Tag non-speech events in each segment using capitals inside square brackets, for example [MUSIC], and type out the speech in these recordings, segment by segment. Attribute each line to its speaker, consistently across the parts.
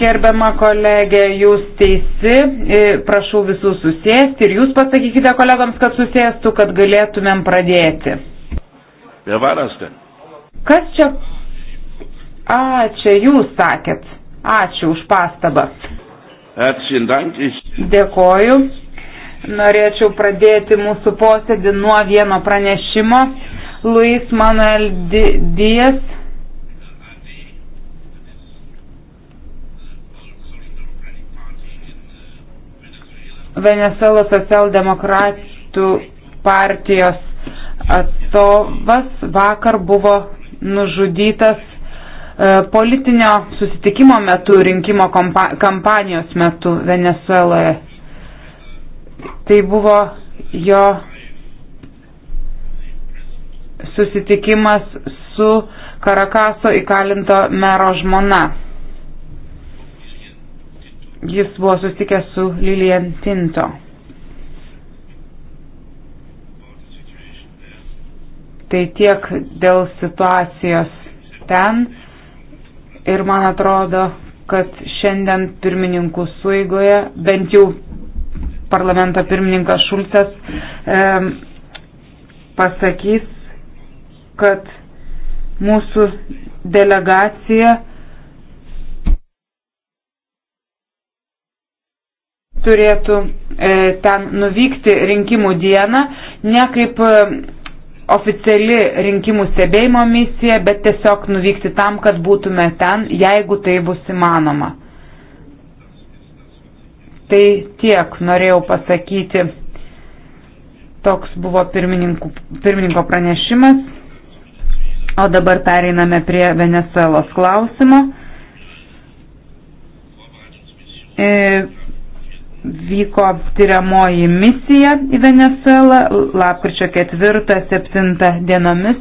Speaker 1: Gerbiama kolegė, jūs teisi, e, prašau visų susėsti ir jūs pasakykite kolegams, kad susėstų, kad galėtumėm pradėti. Kas čia? A, čia jūs sakėt. Ačiū už pastabą. Dėkoju. Norėčiau pradėti mūsų posėdį nuo vieno pranešimo. Luis Manuel Díaz. Venezuelos socialdemokratų partijos atstovas vakar buvo nužudytas e, politinio susitikimo metu, rinkimo kampanijos metu Venezueloje. Tai buvo jo susitikimas su Karakaso įkalinto mero žmona. Jis buvo susitikęs su Lilian Tinto. Tai tiek dėl situacijos ten ir man atrodo, kad šiandien pirmininkų suigoje, bent jau parlamento pirmininkas Šulcas e, pasakys, kad mūsų delegacija turėtų e, ten nuvykti rinkimų dieną, ne kaip e, oficiali rinkimų stebėjimo misija, bet tiesiog nuvykti tam, kad būtume ten, jeigu tai bus įmanoma. Tai tiek norėjau pasakyti. Toks buvo pirmininko pranešimas. O dabar pereiname prie Venezuelos klausimo. E, vyko tyriamoji misija į Venezuelą lapkričio 4-7 dienomis.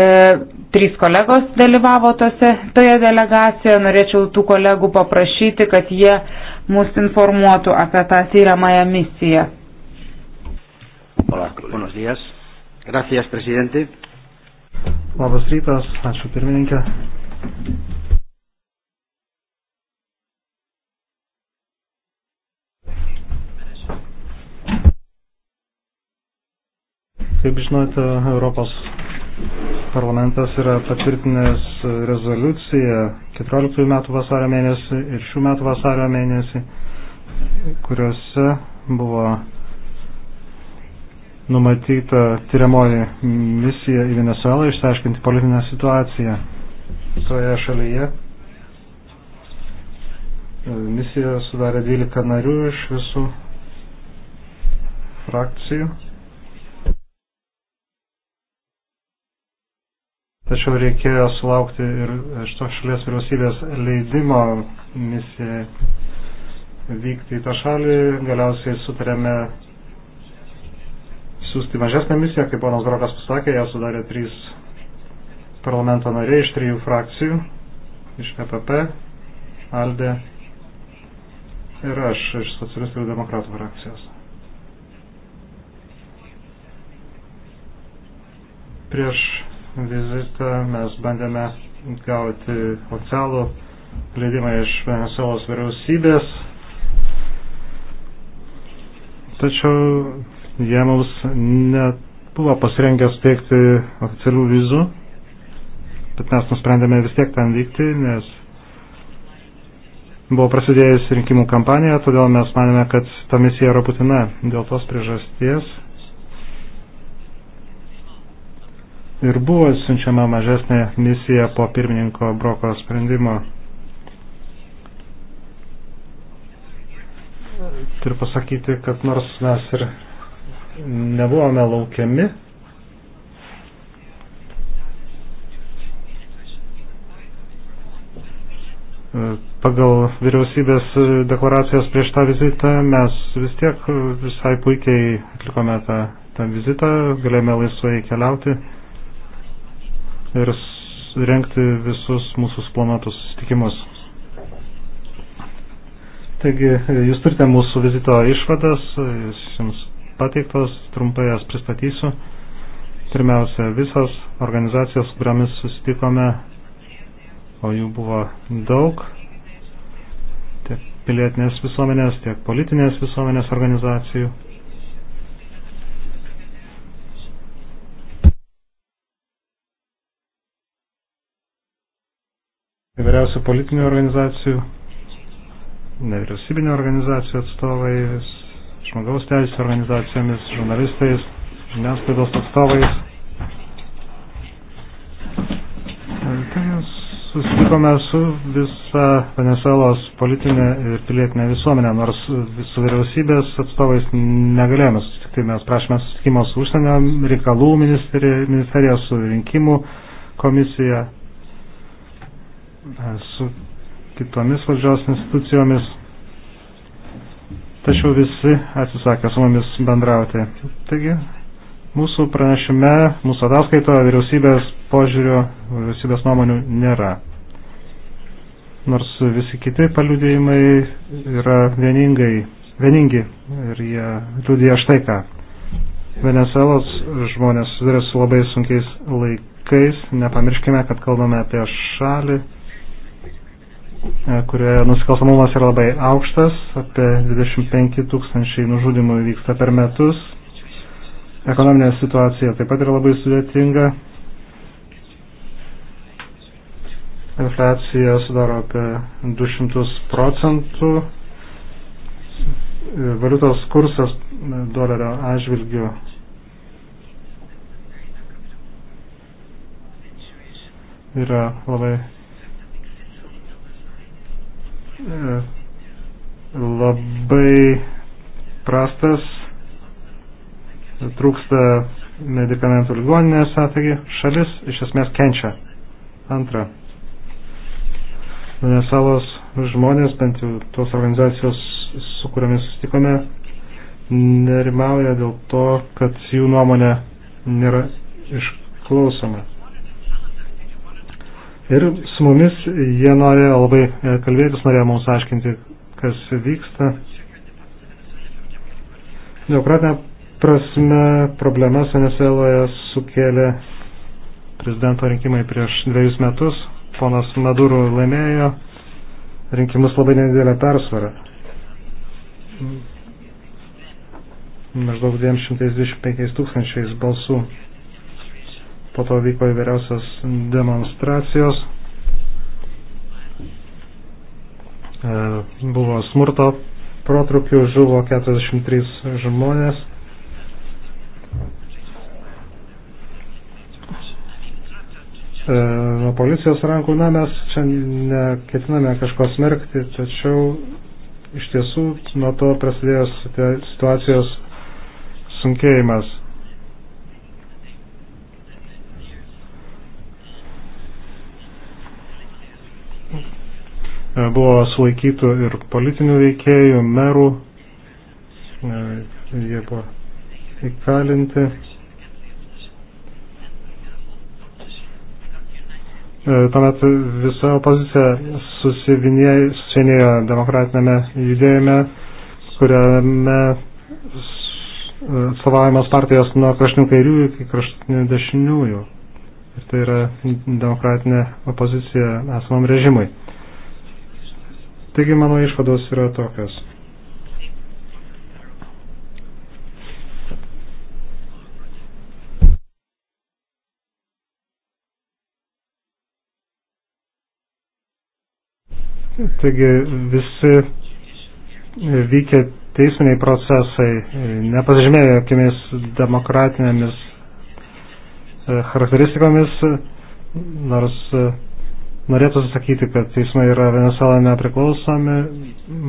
Speaker 1: E, trys kolegos dalyvavo tose, toje delegacijoje. Norėčiau tų kolegų paprašyti, kad jie mus informuotų apie tą tyriamąją misiją. Hola, buenos días. Gracias, presidente.
Speaker 2: Labas rytas, ačiū pirmininkė. Kaip žinote, Europos parlamentas yra patvirtinęs rezoliuciją 14 metų vasario mėnesį ir šių metų vasario mėnesį, kuriuose buvo numatyta tyriamoji misija į Venezuelą išsiaiškinti politinę situaciją toje šalyje. E, misija sudarė 12 narių iš visų frakcijų. Tačiau reikėjo sulaukti ir šitos šalies vyriausybės leidimo misijai vykti į tą šalį. Galiausiai sutarėme siūsti mažesnę misiją, kaip ponas Brokas pasakė, ją sudarė trys parlamento nariai iš trijų frakcijų, iš EPP, ALDE ir aš iš socialistų ir demokratų frakcijos. Prieš vizitą mes bandėme gauti oficialų leidimą iš Venezuelos vyriausybės, tačiau jie mums nebuvo pasirengę suteikti oficialių vizų, bet mes nusprendėme vis tiek ten vykti, nes buvo prasidėjus rinkimų kampanija, todėl mes manėme, kad ta misija yra būtina dėl tos priežasties. Ir buvo siunčiama mažesnė misija po pirmininko broko sprendimo. Turiu pasakyti, kad nors mes ir nebuvome laukiami. Pagal vyriausybės deklaracijos prieš tą vizitą mes vis tiek visai puikiai atlikome tą, tą vizitą, galėjome laisvai keliauti ir rengti visus mūsų planuotus susitikimus. Taigi, jūs turite mūsų vizito išvadas, jis jums pateiktos, trumpai jas pristatysiu. Pirmiausia, visos organizacijos, kuriamis susitikome, o jų buvo daug, tiek pilietinės visuomenės, tiek politinės visuomenės organizacijų. įvairiausių politinių organizacijų, nevyriausybinio organizacijų atstovai, žmogaus teisų organizacijomis, žurnalistais, žiniasklaidos atstovais. Kai susitikome su visa Venezuelos politinė ir pilietinė visuomenė, nors su vyriausybės atstovais negalėjome susitikti, tai mes prašome susitikimo su užsienio reikalų ministerija, su rinkimų komisija, su kitomis valdžios institucijomis tačiau visi atsisakė su mumis bendrauti. Taigi, mūsų pranešime, mūsų ataskaitoje vyriausybės požiūrio, vyriausybės nuomonių nėra. Nors visi kiti paliudėjimai yra vieningai, vieningi ir jie liudija štai ką. Venezuelos žmonės susiduria su labai sunkiais laikais. Nepamirškime, kad kalbame apie šalį E, kurioje nusikalstamumas yra labai aukštas, apie 25 tūkstančiai nužudimų vyksta per metus. Ekonominė situacija taip pat yra labai sudėtinga. Infliacija sudaro apie 200 procentų. Valiutos kursas dolerio atžvilgių yra labai labai prastas, trūksta medikamentų ligoninėse, taigi šalis iš esmės kenčia. Antra, Venesalos žmonės, bent jau tos organizacijos, su kuriamis sustikome, nerimauja dėl to, kad jų nuomonė nėra išklausoma. Ir su mumis jie norėjo labai e, kalbėtis, norėjo mums aiškinti, kas vyksta. Demokratinė prasme problemas Venezueloje sukėlė prezidento rinkimai prieš dviejus metus. Ponas Maduro laimėjo rinkimus labai nedidelę persvarą. Maždaug 225 tūkstančiais balsų po to vyko įvairiausios demonstracijos, e, buvo smurto protrukių, žuvo 43 žmonės. E, nuo policijos rankų, na mes čia neketiname kažko smerkti, tačiau iš tiesų nuo to prasidėjo situacijos sunkėjimas. E, buvo sulaikytų ir politinių veikėjų, merų, e, jie buvo įkalinti. E, tuomet visa opozicija susivienėjo demokratinėme judėjime, kuriame atstovavimas partijos nuo kraštinių kairiųjų iki kraštinių dešiniųjų. Ir tai yra demokratinė opozicija esamam režimui. Taigi mano išvados yra tokios. Taigi visi vykę teisminiai procesai e, nepasižymėjo jokiamis demokratinėmis e, charakteristikomis, nors e, norėtų sakyti, kad teismai yra Venezuela nepriklausomi,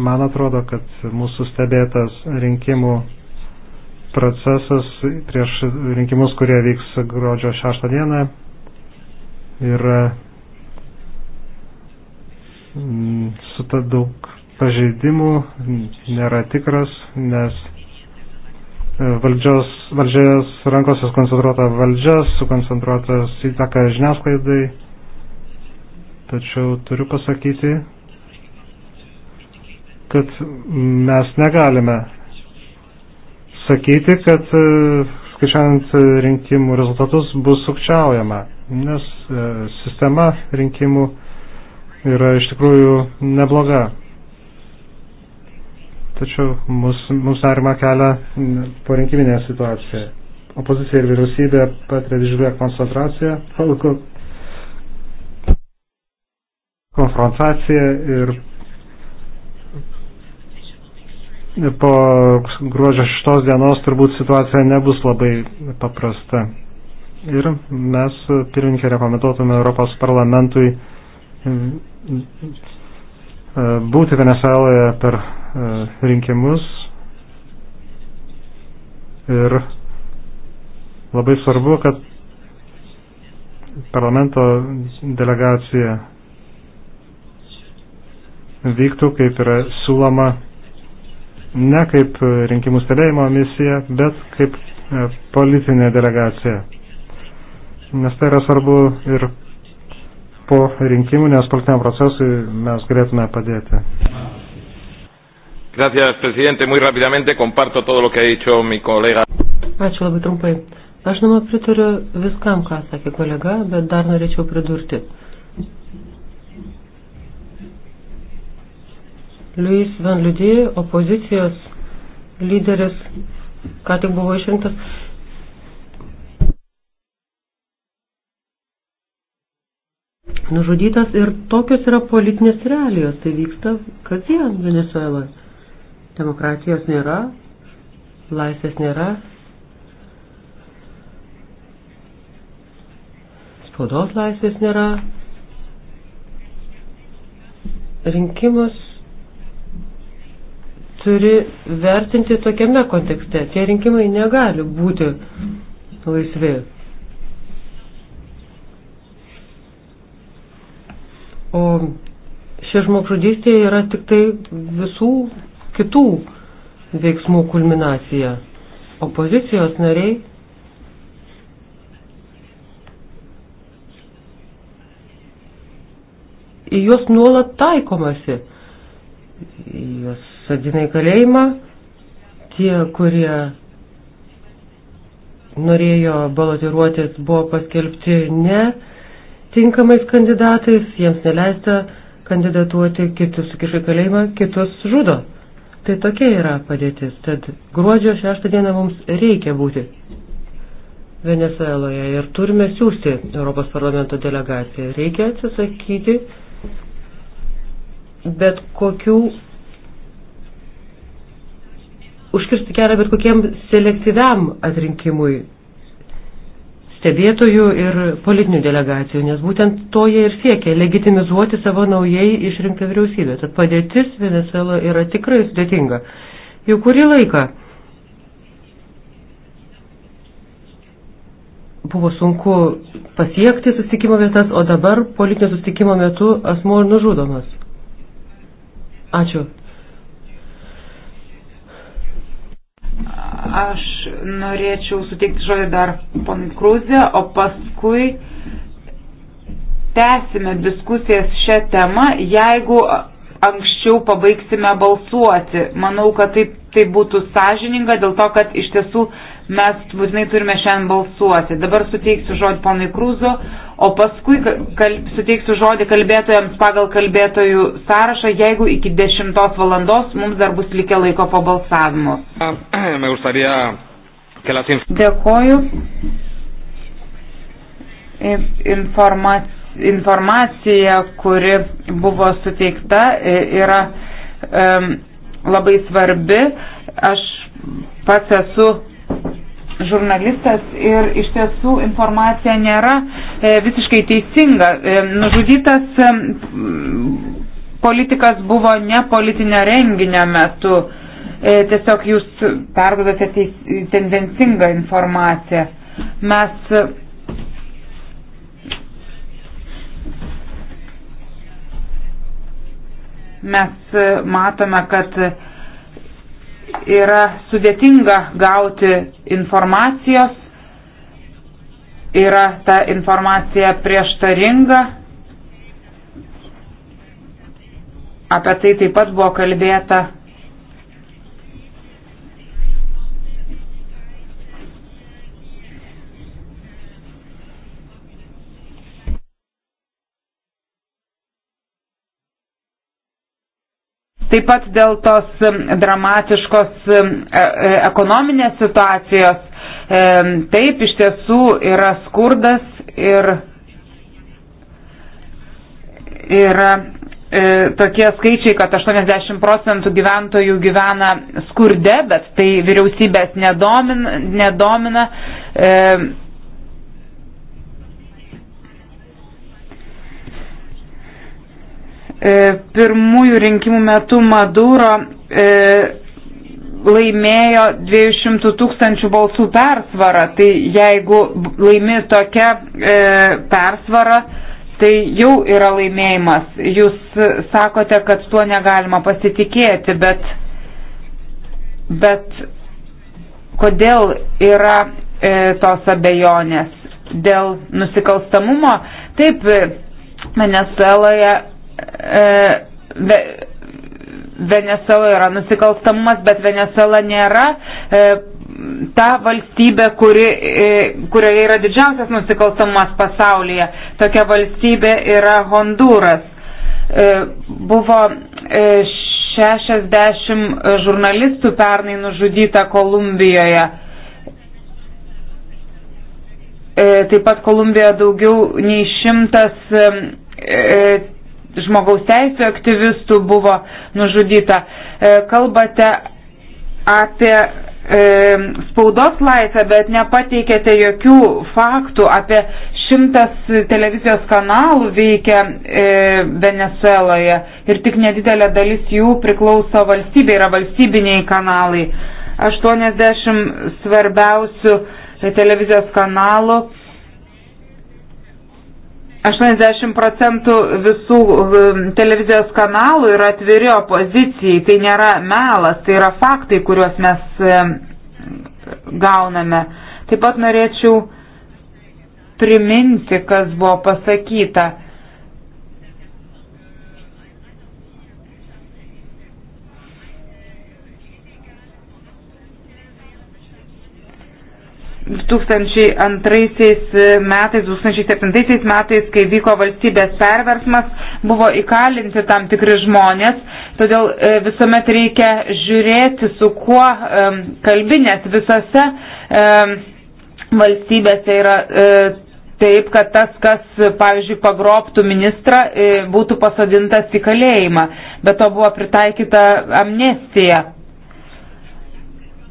Speaker 2: man atrodo, kad mūsų stebėtas rinkimų procesas prieš rinkimus, kurie vyks gruodžio 6 dieną, yra mm, su ta daug pažeidimų, nėra tikras, nes e, valdžios, valdžios rankose koncentruota valdžia, sukoncentruotas įtaka žiniasklaidai Tačiau turiu pasakyti, kad mes negalime sakyti, kad e, skaičiant rinkimų rezultatus bus sukčiaujama, nes e, sistema rinkimų yra iš tikrųjų nebloga. Tačiau mus, mums arima kelia porinkiminė situacija. Opozicija ir vyriausybė patiria didžiulę koncentraciją, konfrontacija ir po gruodžio 6 dienos turbūt situacija nebus labai paprasta. Ir mes pirmininkė rekomenduotume Europos parlamentui e, būti Venezueloje per e, rinkimus ir labai svarbu, kad parlamento delegacija vyktų, kaip yra siūloma, ne kaip rinkimų stebėjimo misija, bet kaip e, politinė delegacija. Nes tai yra svarbu ir po rinkimų, nes politiniam procesui mes galėtume padėti.
Speaker 3: Gracias, presidente. Muy rápidamente comparto todo lo que ha dicho mi colega.
Speaker 4: Ačiū labai trumpai. Aš žinoma pritariu viskam, ką sakė kolega, bet dar norėčiau pridurti. Liujis Van Liudį, opozicijos lyderis, ką tik buvo išrinktas. Nužudytas ir tokios yra politinės realijos, tai vyksta kasdien Venezueloje. Demokratijos nėra, laisvės nėra, spaudos laisvės nėra, rinkimus turi vertinti tokiame kontekste. Tie rinkimai negali būti laisvi. O šie žmogžudystė yra tik tai visų kitų veiksmų kulminacija. Opozicijos nariai į juos nuolat taikomasi. Į juos sodina į kalėjimą. Tie, kurie norėjo balotiruotis, buvo paskelbti ne tinkamais kandidatais, jiems neleista kandidatuoti, kitus sukiša į kalėjimą, kitus žudo. Tai tokia yra padėtis. Tad gruodžio šeštą dieną mums reikia būti Venezueloje ir turime siūsti Europos parlamento delegaciją. Reikia atsisakyti bet kokių užkirsti kelią bet kokiam selektyviam atrinkimui stebėtojų ir politinių delegacijų, nes būtent to jie ir siekia - legitimizuoti savo naujai išrinktą vyriausybę. Tad padėtis Venezuela yra tikrai sudėtinga. Jau kurį laiką buvo sunku pasiekti susitikimo vietas, o dabar politinio susitikimo metu asmuo nužudomas. Ačiū.
Speaker 1: Aš norėčiau suteikti žodį dar ponui Krūzė, o paskui tęsime diskusijas šią temą, jeigu anksčiau pabaigsime balsuoti. Manau, kad taip tai būtų sąžininga dėl to, kad iš tiesų mes būtinai turime šiandien balsuoti. Dabar suteiksiu žodį ponui Krūzo, o paskui kal, suteiksiu žodį kalbėtojams pagal kalbėtojų sąrašą, jeigu iki 10 valandos mums dar bus likę laiko po balsavimo. Ah,
Speaker 2: [CLEARS THROAT]
Speaker 1: Dėkoju. Informacija informacija, kuri buvo suteikta, e, yra um, labai svarbi. Aš pats esu žurnalistas ir iš tiesų informacija nėra e, visiškai teisinga. E, nužudytas e, politikas buvo ne politinio renginio metu. E, tiesiog jūs perdodate teis, tendencingą informaciją. Mes e, mes e, matome, kad yra sudėtinga gauti informacijos, yra ta informacija prieštaringa. Apie tai taip pat buvo kalbėta Taip pat dėl tos dramatiškos e, e, ekonominės situacijos. Taip, iš tiesų yra skurdas ir yra e, tokie skaičiai, kad 80 procentų gyventojų gyvena skurde, bet tai vyriausybės nedomina. nedomina e, E, pirmųjų rinkimų metu Maduro e, laimėjo 200 tūkstančių balsų persvarą. Tai jeigu laimi tokia e, persvara, tai jau yra laimėjimas. Jūs sakote, kad tuo negalima pasitikėti, bet, bet kodėl yra e, tos abejonės? Dėl nusikalstamumo? Taip, e, Venezueloje E, ve, Venezuela yra nusikalstamumas, bet Venezuela nėra e, ta valstybė, kuri, e, kurioje yra didžiausias nusikalstamumas pasaulyje. Tokia valstybė yra Honduras. E, buvo e, 60 žurnalistų pernai nužudyta Kolumbijoje. E, taip pat Kolumbijoje daugiau nei šimtas. E, žmogaus teisų aktyvistų buvo nužudyta. E, kalbate apie e, spaudos laisvę, bet nepateikėte jokių faktų apie šimtas televizijos kanalų veikia e, Venezueloje ir tik nedidelė dalis jų priklauso valstybė, yra valstybiniai kanalai. 80 svarbiausių televizijos kanalų 80 procentų visų um, televizijos kanalų yra atviri opozicijai, tai nėra melas, tai yra faktai, kuriuos mes um, gauname. Taip pat norėčiau priminti, kas buvo pasakyta. 2002 metais, 2007 metais, kai vyko valstybės perversmas, buvo įkalinti tam tikri žmonės, todėl e, visuomet reikia žiūrėti, su kuo e, kalbinės visose e, valstybėse yra taip, kad tas, kas, pavyzdžiui, pagroptų ministrą, būtų pasodintas į kalėjimą, bet to buvo pritaikyta amnestija.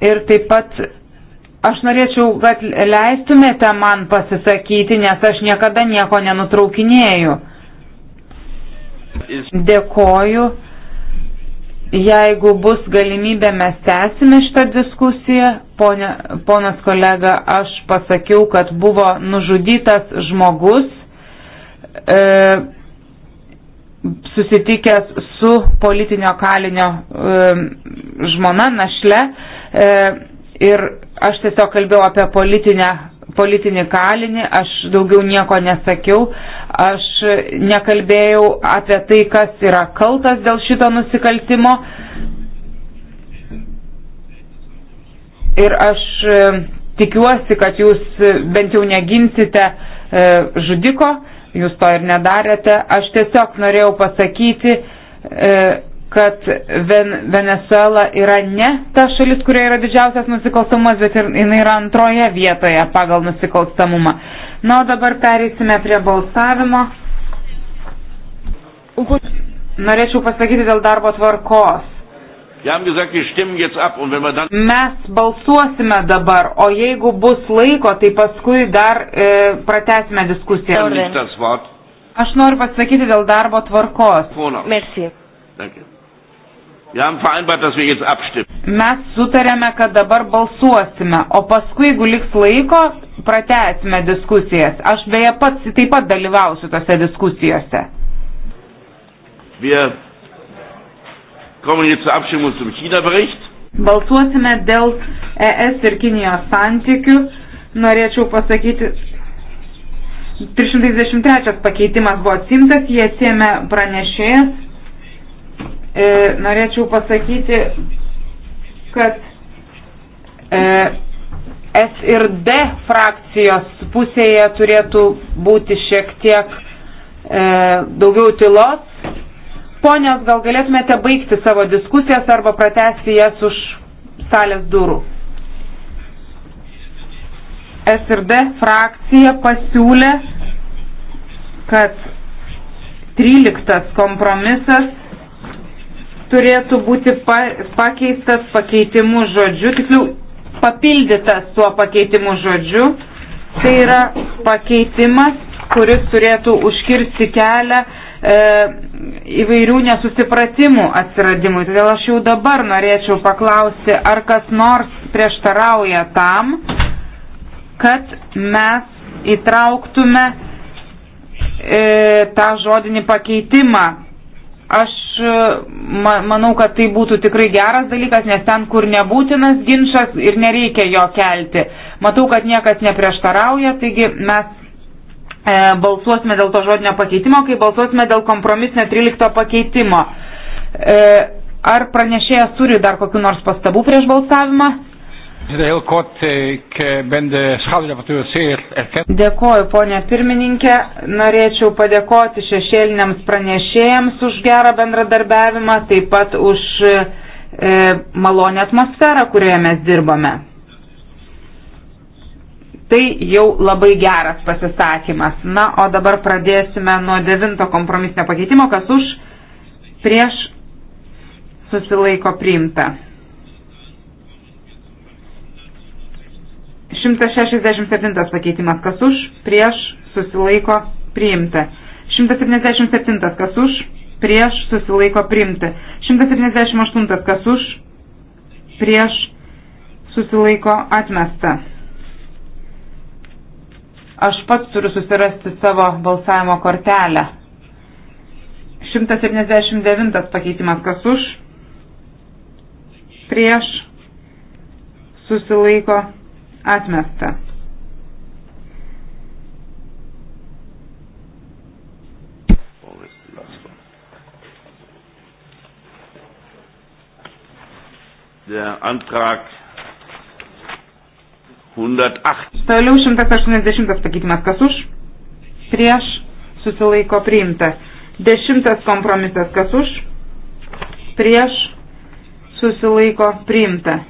Speaker 1: Ir taip pat Aš norėčiau, kad leistumėte man pasisakyti, nes aš niekada nieko nenutraukinėjau. Dėkoju. Jeigu bus galimybė, mes tęsime šitą diskusiją. Pone, ponas kolega, aš pasakiau, kad buvo nužudytas žmogus e, susitikęs su politinio kalinio e, žmona našle e, ir Aš tiesiog kalbėjau apie politinę, politinį kalinį, aš daugiau nieko nesakiau, aš nekalbėjau apie tai, kas yra kaltas dėl šito nusikaltimo. Ir aš e, tikiuosi, kad jūs bent jau neginsite e, žudiko, jūs to ir nedarėte. Aš tiesiog norėjau pasakyti, e, kad Venezuela yra ne ta šalis, kurioje yra didžiausias nusikalstamumas, bet ir jinai yra antroje vietoje pagal nusikalstamumą. Na, o dabar pereisime prie balsavimo. Norėčiau pasakyti dėl darbo tvarkos. Mes balsuosime dabar, o jeigu bus laiko, tai paskui dar e, pratesime diskusiją. Aš noriu pasakyti dėl darbo tvarkos. Merci.
Speaker 3: Danke. Mes
Speaker 1: sutarėme, kad dabar balsuosime, o paskui, jeigu liks laiko, pratęsime diskusijas. Aš beje pats taip pat dalyvausiu tose diskusijose. Balsuosime dėl ES ir Kinijos santykių. Norėčiau pasakyti, 323 pakeitimas buvo atsimtas, jie atsėmė pranešėjas e, norėčiau pasakyti, kad e, S ir D frakcijos pusėje turėtų būti šiek tiek e, daugiau tylos. Ponios, gal galėtumėte baigti savo diskusijas arba pratesti jas už salės durų. S ir D frakcija pasiūlė, kad 13 kompromisas turėtų būti pa, pakeistas pakeitimu žodžiu, tiksliau papildytas tuo pakeitimu žodžiu. Tai yra pakeitimas, kuris turėtų užkirsti kelią e, įvairių nesusipratimų atsiradimui. Todėl aš jau dabar norėčiau paklausti, ar kas nors prieštarauja tam, kad mes įtrauktume e, tą žodinį pakeitimą Aš e, manau, kad tai būtų tikrai geras dalykas, nes ten, kur nebūtinas ginčas ir nereikia jo kelti. Matau, kad niekas neprieštarauja, taigi mes e, balsuosime dėl to žodinio pakeitimo, kai balsuosime dėl kompromisinio 13 pakeitimo. E, ar pranešėjas turi dar kokiu nors pastabu prieš balsavimą? Heel kort, ik eh, ben de schaduwrapporteur zeer erkend. Dėkoju, ponė pirmininkė. Norėčiau padėkoti šešėliniams pranešėjams už gerą bendradarbiavimą, taip pat už e, e, malonę atmosferą, kurioje mes dirbame. Tai jau labai geras pasisakymas. Na, o dabar pradėsime nuo devinto kompromisinio pakeitimo, kas už prieš susilaiko priimta. 167 pakeitimas kas už, prieš, susilaiko, priimta. 177 kas už, prieš, susilaiko, priimta. 178 kas už, prieš, susilaiko, atmesta. Aš pats turiu susirasti savo balsavimo kortelę. 179 pakeitimas kas už, prieš, susilaiko, atmesta.
Speaker 3: Der Antrag 108.
Speaker 1: Toliau 180 pakeitimas. Kas už? Prieš susilaiko priimta. Dešimtas kompromisas. Kas už? Prieš susilaiko priimta.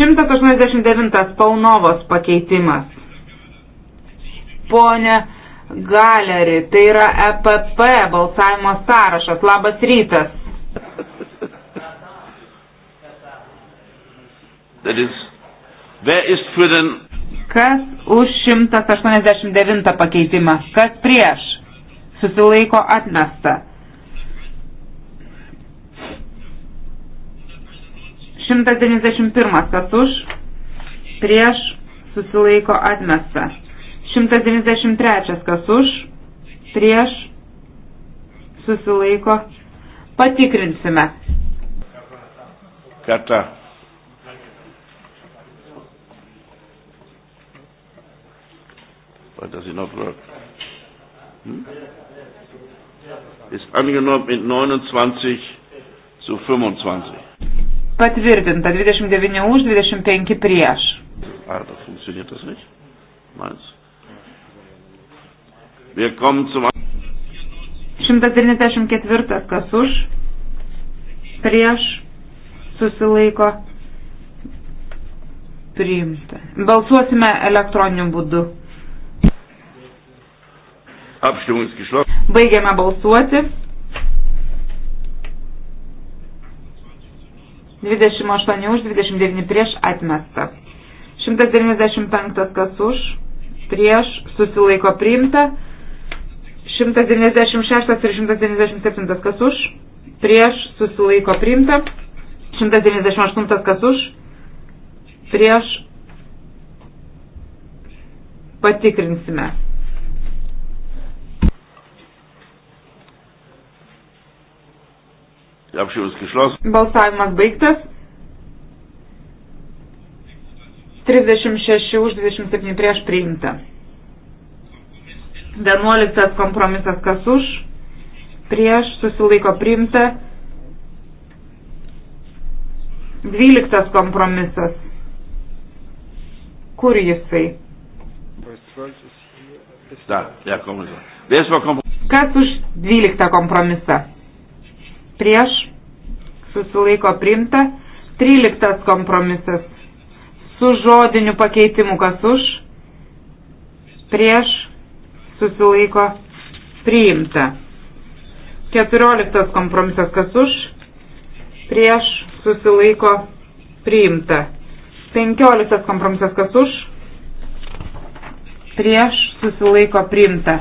Speaker 1: 189 Paunovos pakeitimas. Pone Galeri, tai yra EPP balsavimo sąrašas. Labas rytas.
Speaker 3: Is, wer ist für den...
Speaker 1: Kas už 189 pakeitimą? Kas prieš? Susilaiko atmesta. 191 kas už, prieš, susilaiko atmesta. 193 kas už, prieš, susilaiko, patikrinsime.
Speaker 3: Kata. But does it not work?
Speaker 4: Hm? Ist
Speaker 3: angenommen mit 29 zu 25.
Speaker 1: Patvirtinta 29 už, 25 prieš.
Speaker 3: Ar das funktioniert das
Speaker 1: nicht? Meins.
Speaker 3: Wir kommen zum
Speaker 1: 194 kas už, prieš, susilaiko, priimta. Balsuosime elektroniniu būdu. Baigiame balsuoti. 28 už, 29 prieš atmesta. 195 kas už, prieš susilaiko priimta. 196 ir 197 kas už, prieš susilaiko priimta. 198 kas už, prieš patikrinsime.
Speaker 3: Balsavimas
Speaker 1: baigtas. 36 už 27 prieš priimta. 11 kompromisas kas už, prieš susilaiko priimta. 12 kompromisas. Kur jisai? Kas už 12 kompromisą? prieš, susilaiko primta. 13 kompromisas su žodiniu pakeitimu kas už, prieš, susilaiko priimta. 14 kompromisas kas už, prieš, susilaiko priimta. 15 kompromisas kas už, prieš, susilaiko priimta.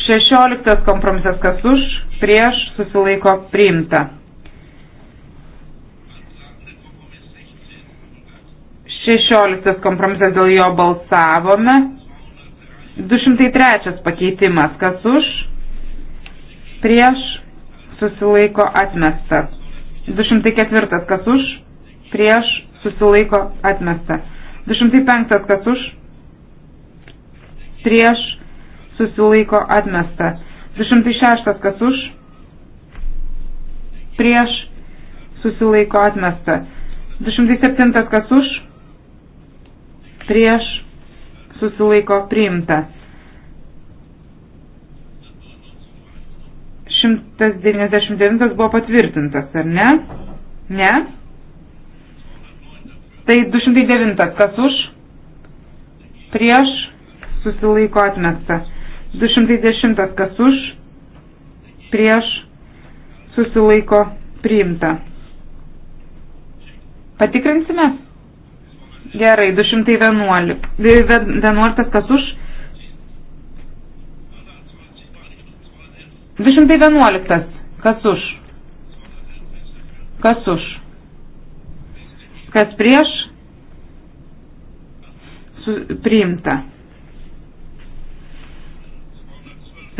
Speaker 1: 16 kompromisas kas už, prieš susilaiko priimta. 16 kompromisas dėl jo balsavome. 203 pakeitimas kas už, prieš susilaiko atmesta. 204 kas už, prieš susilaiko atmesta. 205 kas už, prieš susilaiko atmesta. 206 kas už, prieš susilaiko atmesta. 207 kas už, prieš susilaiko priimta. 199 buvo patvirtintas, ar ne? Ne? Tai 209 kas už, prieš susilaiko atmesta. 210 kas už, prieš, susilaiko priimta. Patikrinsime? Gerai, 211. 11 kas už? 211 kas už? Kas už? Kas prieš? Su, priimta.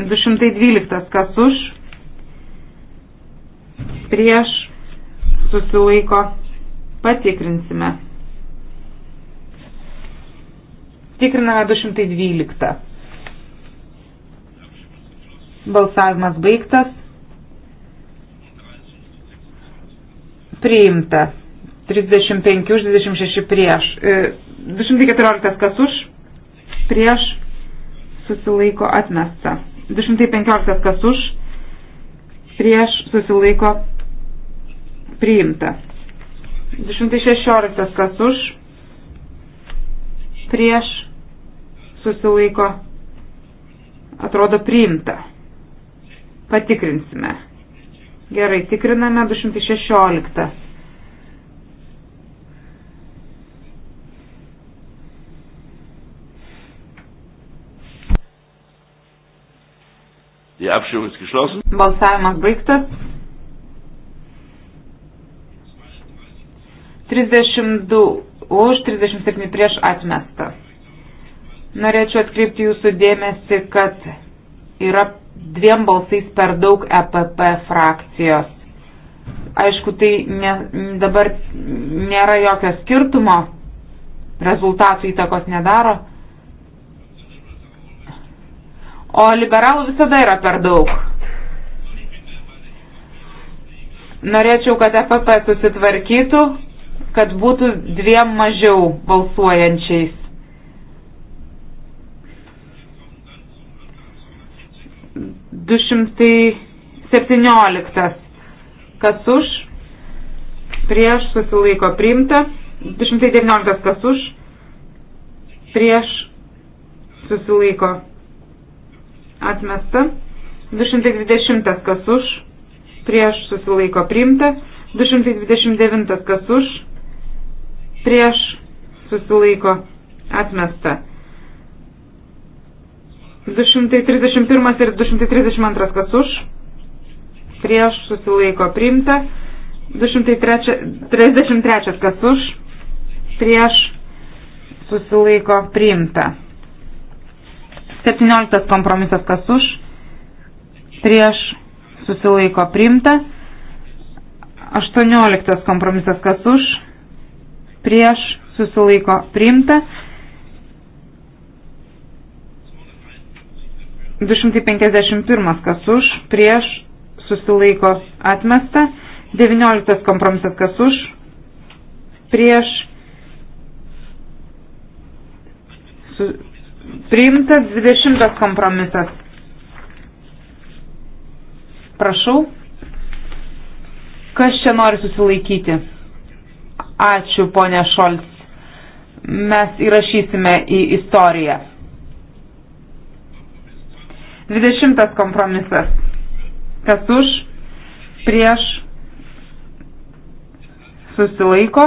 Speaker 1: 212 kas už, prieš susilaiko patikrinsime. Tikriname 212. Balsavimas baigtas. Priimta. 35 už 26 prieš. 214 e, kas už, prieš susilaiko atmesta. 215 kas už, prieš susilaiko priimta. 216 kas už, prieš susilaiko atrodo priimta. Patikrinsime. Gerai, tikriname 216. Die Abstimmung ist geschlossen. Balsavimas baigtas. 32 už, 37 prieš atmestą. Norėčiau atkreipti jūsų dėmesį, kad yra dviem balsais per daug EPP frakcijos. Aišku, tai ne, dabar nėra jokio skirtumo, rezultatų įtakos nedaro o liberalų visada yra per daug. Norėčiau, kad FP susitvarkytų, kad būtų dviem mažiau balsuojančiais. Du šimtai septynioliktas. Kas už? Prieš susilaiko priimta. 219 kas už? Prieš susilaiko atmesta. 220 kas už, prieš susilaiko priimta. 229 kas už, prieš susilaiko atmesta. 231 ir 232 kas už, prieš susilaiko priimta. 233 kas už, prieš susilaiko priimta. 17 kompromisas kas už, prieš susilaiko priimta. 18 kompromisas kas už, prieš susilaiko priimta. 251 kas už, prieš susilaiko atmesta. 19 kompromisas kas už, prieš su, Priimtas 20 kompromisas. Prašau. Kas čia nori susilaikyti? Ačiū, ponė Šolc. Mes įrašysime į istoriją. 20 kompromisas. Kas už, prieš, susilaiko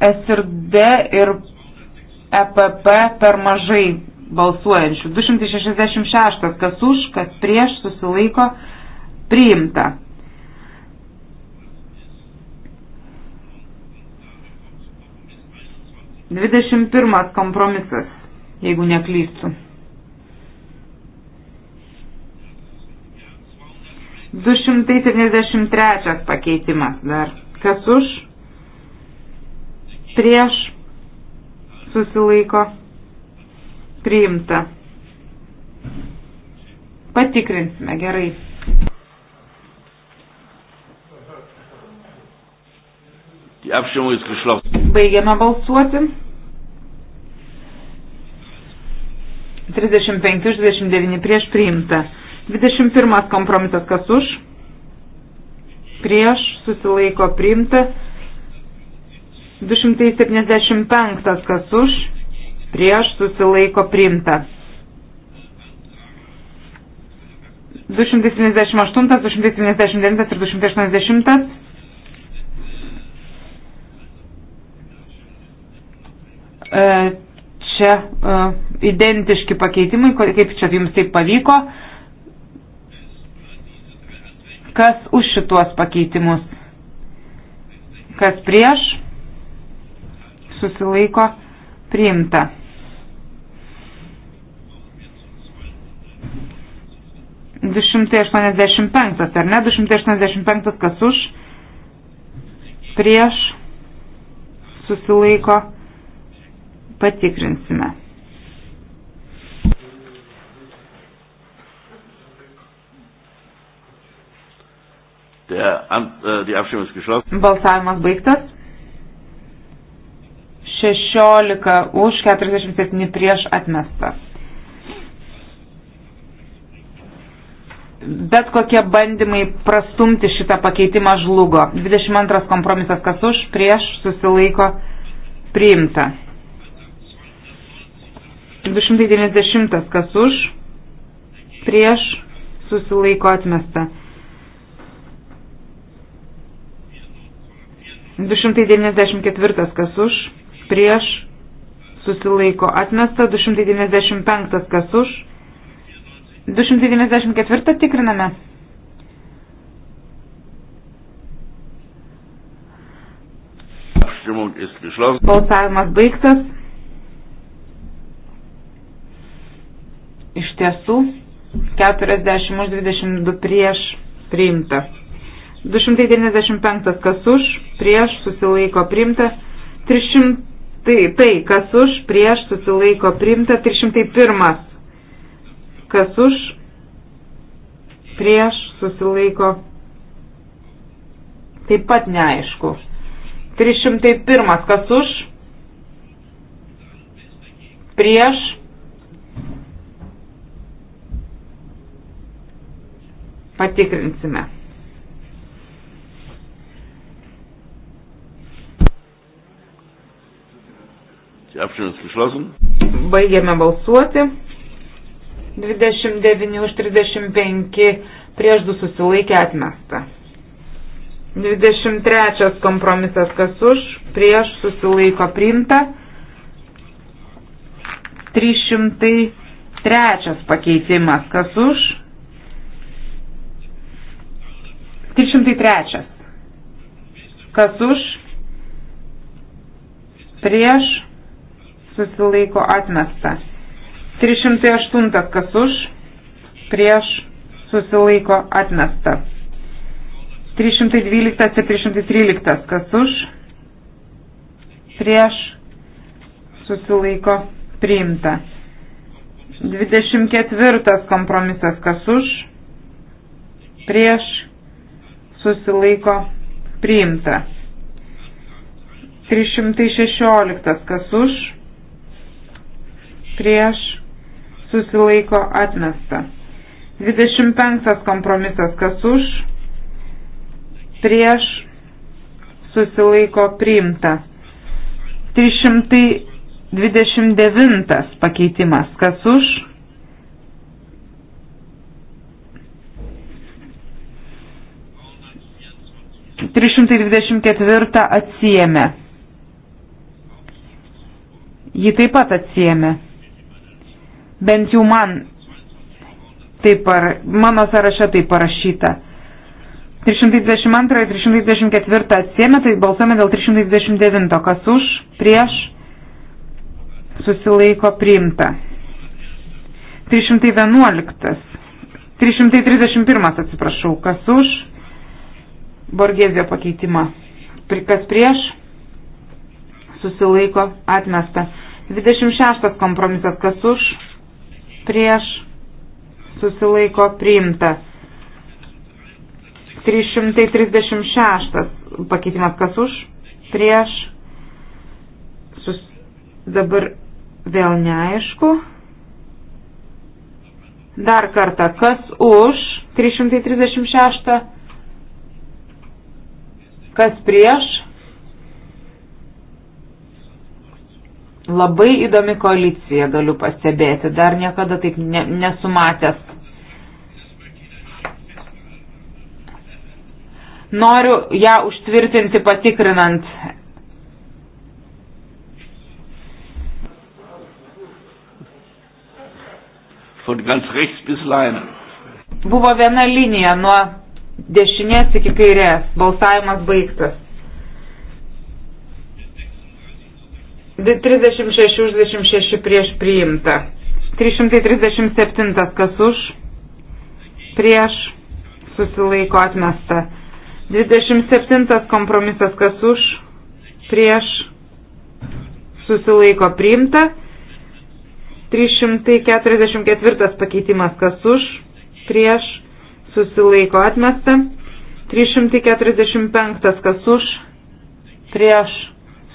Speaker 1: SRD ir EPP per mažai balsuojančių. 266, kas už, kas prieš, susilaiko, priimta. Dvidešimt pirmas kompromisas, jeigu neklystu. 273 pakeitimas dar. Kas už? prieš susilaiko priimta. Patikrinsime gerai. Baigiame balsuoti. 35 už 29 prieš priimta. 21 kompromisas kas už? Prieš susilaiko priimta. 275 kas už, prieš susilaiko priimta. 278, 279 ir 280. E, čia e, identiški pakeitimai, kaip čia jums taip pavyko. Kas už šituos pakeitimus? Kas prieš? susilaiko priimta. Du šimtai aštuoniasdešimt penktas, ar ne? Du šimtai aštuoniasdešimt penktas, kas už, prieš, susilaiko, patikrinsime.
Speaker 3: Der Amt, äh, die Abstimmung ist geschlossen.
Speaker 1: Balsavimas baigtas. 16 už, 47 prieš atmestas. Bet kokie bandymai prastumti šitą pakeitimą žlugo. 22 kompromisas kas už, prieš susilaiko priimta. 290 kas už, prieš susilaiko atmesta. 294 kas už, prieš, susilaiko atmesta, 295 kas už, 294 tikriname. Balsavimas baigtas. Iš tiesų, 40 už 22 prieš priimta. 295 kas už, prieš susilaiko priimta. 300 tai, tai kas už, prieš susilaiko priimta 301. Kas už, prieš susilaiko taip pat neaišku. 301. Kas už, prieš patikrinsime. Baigėme balsuoti. 29 už 35 prieš 2 susilaikė atmesta. 23 kompromisas kas už, prieš susilaiko priimta. 303 pakeitimas kas už. 303 kas už, prieš susilaiko atmesta. 308 kas už, prieš susilaiko atmesta. 312 ir 313 kas už, prieš susilaiko priimta. 24 kompromisas kas už, prieš susilaiko priimta. 316 kas už, prieš susilaiko atmesta. 25 kompromisas kas už, prieš susilaiko priimta. 329 pakeitimas kas už, Trišimtai dvidešimt ketvirtą atsijėmė. Ji taip pat atsijėmė. Bent jau man taip par, mano sąraše taip parašyta. 322 ir 324 atsiemė, tai balsuojame dėl 329. Kas už, prieš, susilaiko priimta. 311. 331 atsiprašau. Kas už, Borgėzio pakeitimą. Kas prieš, susilaiko atmesta. 26 kompromisas. Kas už, prieš susilaiko priimta. 336 pakeitimas kas už, prieš, sus, dabar vėl neaišku. Dar kartą, kas už 336, kas prieš, Labai įdomi koalicija galiu pastebėti, dar niekada taip ne, nesumatęs. Noriu ją užtvirtinti patikrinant
Speaker 3: von ganz rechts bis Leine.
Speaker 1: Buvo viena linija nuo dešinės iki kairės. Balsavimas baigtas. 36 už 26 prieš priimta. 337 kas už, prieš susilaiko atmesta. 27 kompromisas kas už, prieš susilaiko priimta. 344 pakeitimas kas už, prieš susilaiko atmesta. 345 kas už, prieš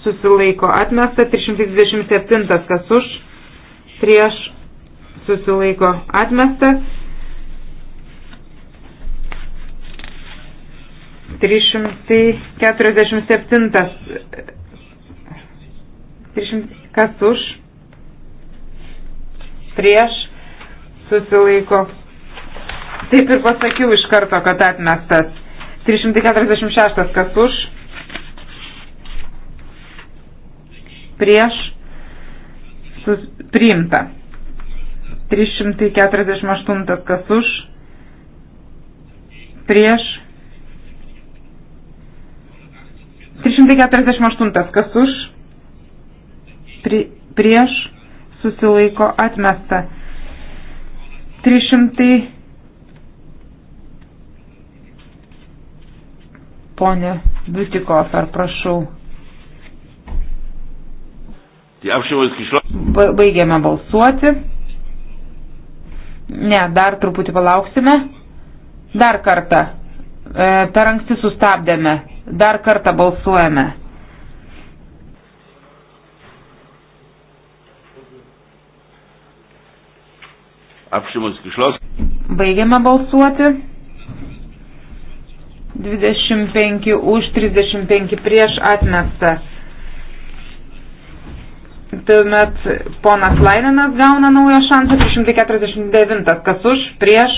Speaker 1: susilaiko atmesta, 327 kas už, prieš susilaiko atmesta, 347 300, kas už, prieš susilaiko. Taip ir pasakiau iš karto, kad atmestas. 346 kas už, prieš sus, priimta. 348 kas už, prieš 348 kas už, pri, prieš susilaiko atmesta. 300 Pone Butikos, ar prašau.
Speaker 3: Baigėme
Speaker 1: balsuoti. Ne, dar truputį palauksime. Dar kartą. E, per anksti sustabdėme. Dar kartą balsuojame.
Speaker 3: Apšimus kišlos.
Speaker 1: Baigiame balsuoti. 25 už 35 prieš atmestą. Tuomet ponas Laininas gauna naują šansą, 349, kas už, prieš,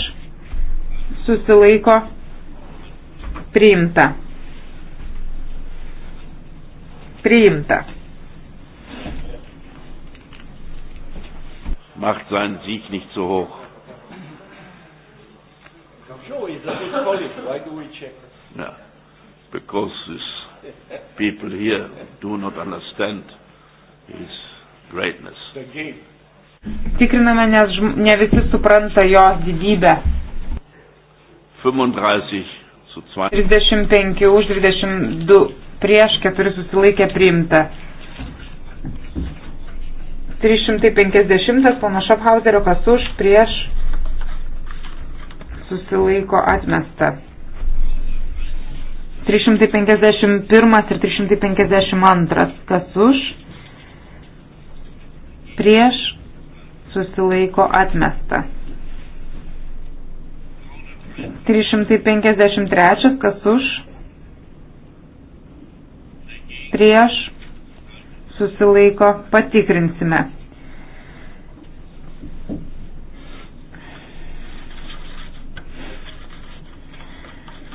Speaker 1: susilaiko, priimta. Priimta.
Speaker 3: Macht seinen Sieg nicht zu so hoch. Ja, because these people here do not understand his greatness.
Speaker 1: Tikriname, nes ne visi supranta jos didybę. 35 už 22 prieš 4 susilaikė priimta. 350 pono Šaphauserio kas už prieš susilaiko atmesta. 351 ir 352 kas už prieš susilaiko atmesta. 353 kas už prieš susilaiko patikrinsime.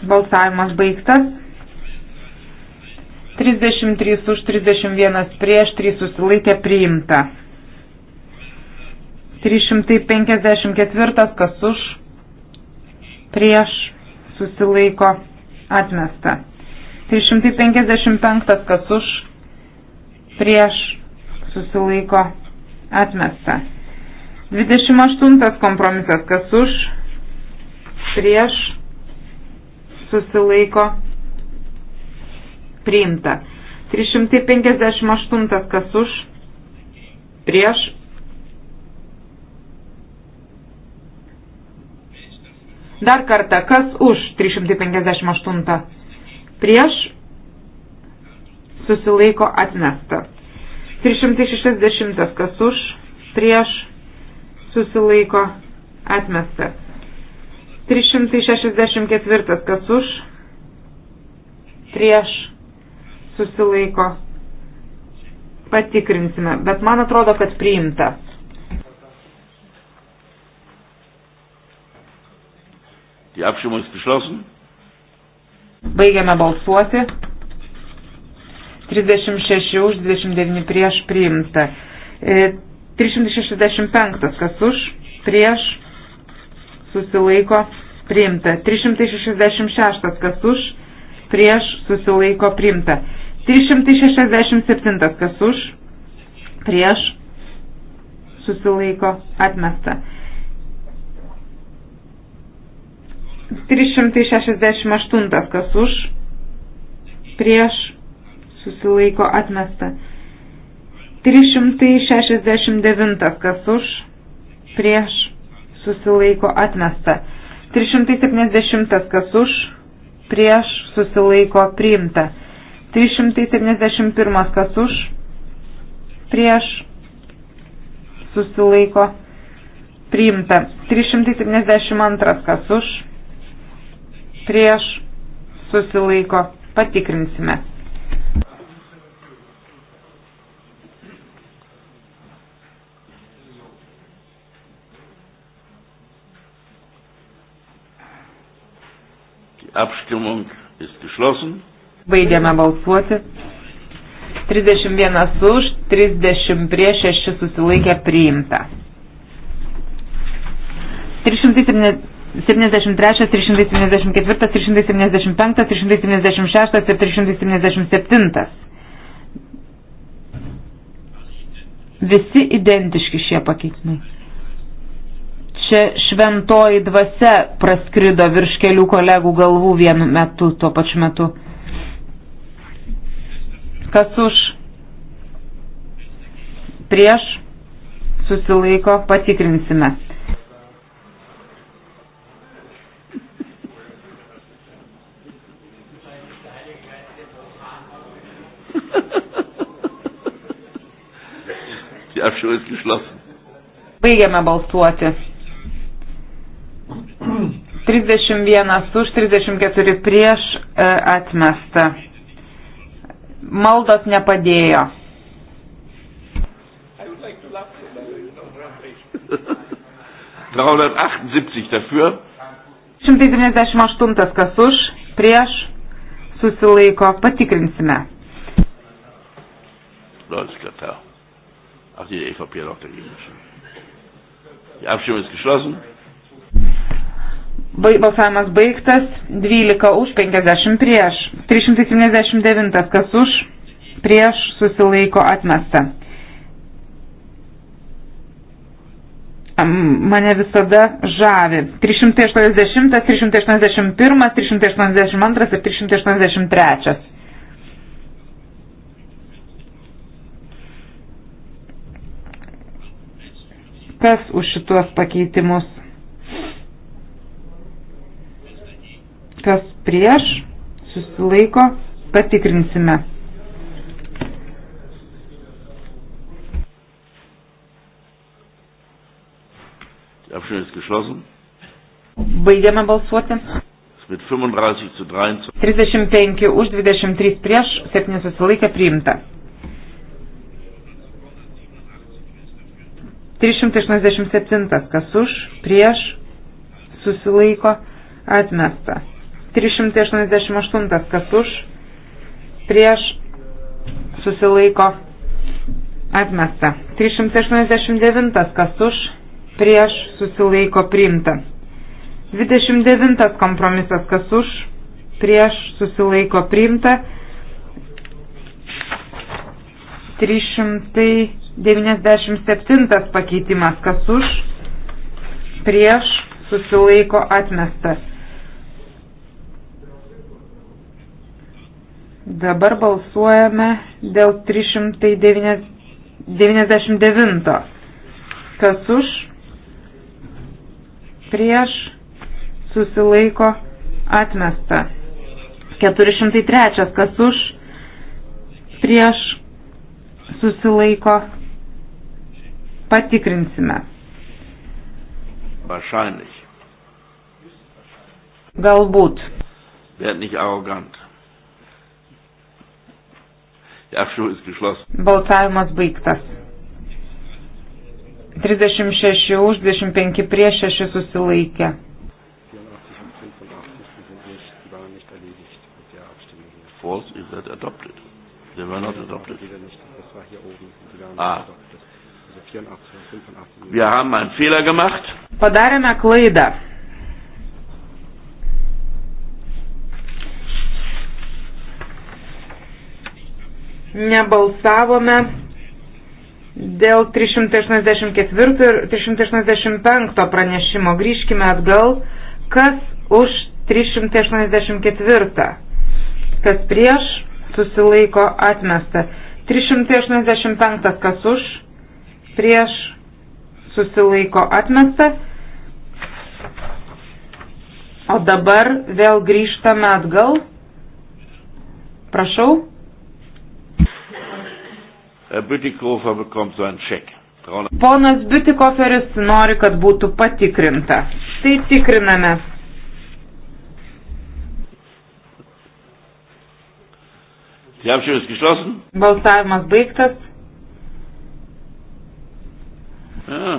Speaker 1: Balsavimas baigtas. 33 už 31 prieš 3 susilaikė priimta. 354 kas už, prieš susilaiko atmesta. 355 kas už, prieš susilaiko atmesta. 28 kompromisas kas už, prieš susilaiko priimta. 358 kas už, prieš Dar kartą, kas už 358? Prieš susilaiko atmesta. 360 kas už, prieš susilaiko atmesta. 364 kas už, prieš susilaiko patikrinsime, bet man atrodo, kad priimta.
Speaker 3: Die Abstimmung ist geschlossen.
Speaker 1: Baigiame balsuoti. 36 už, 29 prieš priimta. 365 e, kas už, prieš, susilaiko, priimta. 366 kas už, prieš, susilaiko, priimta. 367 kas už, prieš, susilaiko, atmesta. 368 kas už, prieš susilaiko atmesta. 369 kas už, prieš susilaiko atmesta. 370 kas už, prieš susilaiko priimta. 371 kas už, prieš susilaiko priimta. 372 kas už, prieš susilaiko patikrinsime.
Speaker 3: Abstimmung ist geschlossen.
Speaker 1: Baigiame balsuoti. 31 už, 30 prieš 6 susilaikė priimta. 370 73, 374, 375, 376 ir 377. Visi identiški šie pakeitimai. Čia šventoji dvasia praskrido virš kelių kolegų galvų vienu metu, tuo pačiu metu. Kas už? Prieš? Susilaiko, patikrinsime.
Speaker 3: Die Abstimmung ist geschlossen.
Speaker 1: Baigiame balsuoti. 31 už, 34 prieš e, atmesta. Maldos nepadėjo.
Speaker 3: Like to laugh, to 378 dafür.
Speaker 1: 178 kas už, prieš, susilaiko, patikrinsime.
Speaker 3: Nein, ist Katar. Ach, die EVP hat auch dagegen gestimmt. Die Abstimmung ist geschlossen.
Speaker 1: Balsavimas baigtas, 12 už, 50 prieš, 379 kas už, prieš susilaiko atmesta. Mane visada žavi 380, 381, 382 ir 383. Kas už šituos pakeitimus? Kas prieš? Susilaiko? Patikrinsime.
Speaker 3: Abstimmung ist geschlossen.
Speaker 1: Baigiame balsuoti. 35 už 23 prieš 7 susilaikę priimta. 387 kas už, prieš, susilaiko, atmesta. 388 kas už, prieš, susilaiko, atmesta. 389 kas už, prieš, susilaiko, priimta. 29 kompromisas kas už, prieš, susilaiko, priimta. 300 97 pakeitimas, kas už, prieš, susilaiko atmestas. Dabar balsuojame dėl 399. Kas už, prieš, susilaiko atmesta. 403. Kas už, prieš, susilaiko atmesta Patikrinsime.
Speaker 3: Wahrscheinlich.
Speaker 1: Galbūt.
Speaker 3: Werd nicht arrogant. Der Abschluss
Speaker 1: ist geschlossen. Balsavimas baigtas. 36 už, 25 prieš, 6 susilaikė. False
Speaker 3: is that adopted.
Speaker 2: They were not adopted. Ah. Wir haben einen
Speaker 3: Fehler
Speaker 1: gemacht. Padarėme klaidą. Nebalsavome dėl 384 ir 385 pranešimo. Grįžkime atgal. Kas už 384? Kas prieš? Susilaiko atmesta. 385 kas už? prieš susilaiko atmesta. O dabar vėl grįžtame atgal. Prašau.
Speaker 3: Bütikofer bekommt so einen Scheck.
Speaker 1: Ponas Bütikoferis nori, kad būtų patikrinta. Tai tikriname. Balsavimas baigtas.
Speaker 3: Ja.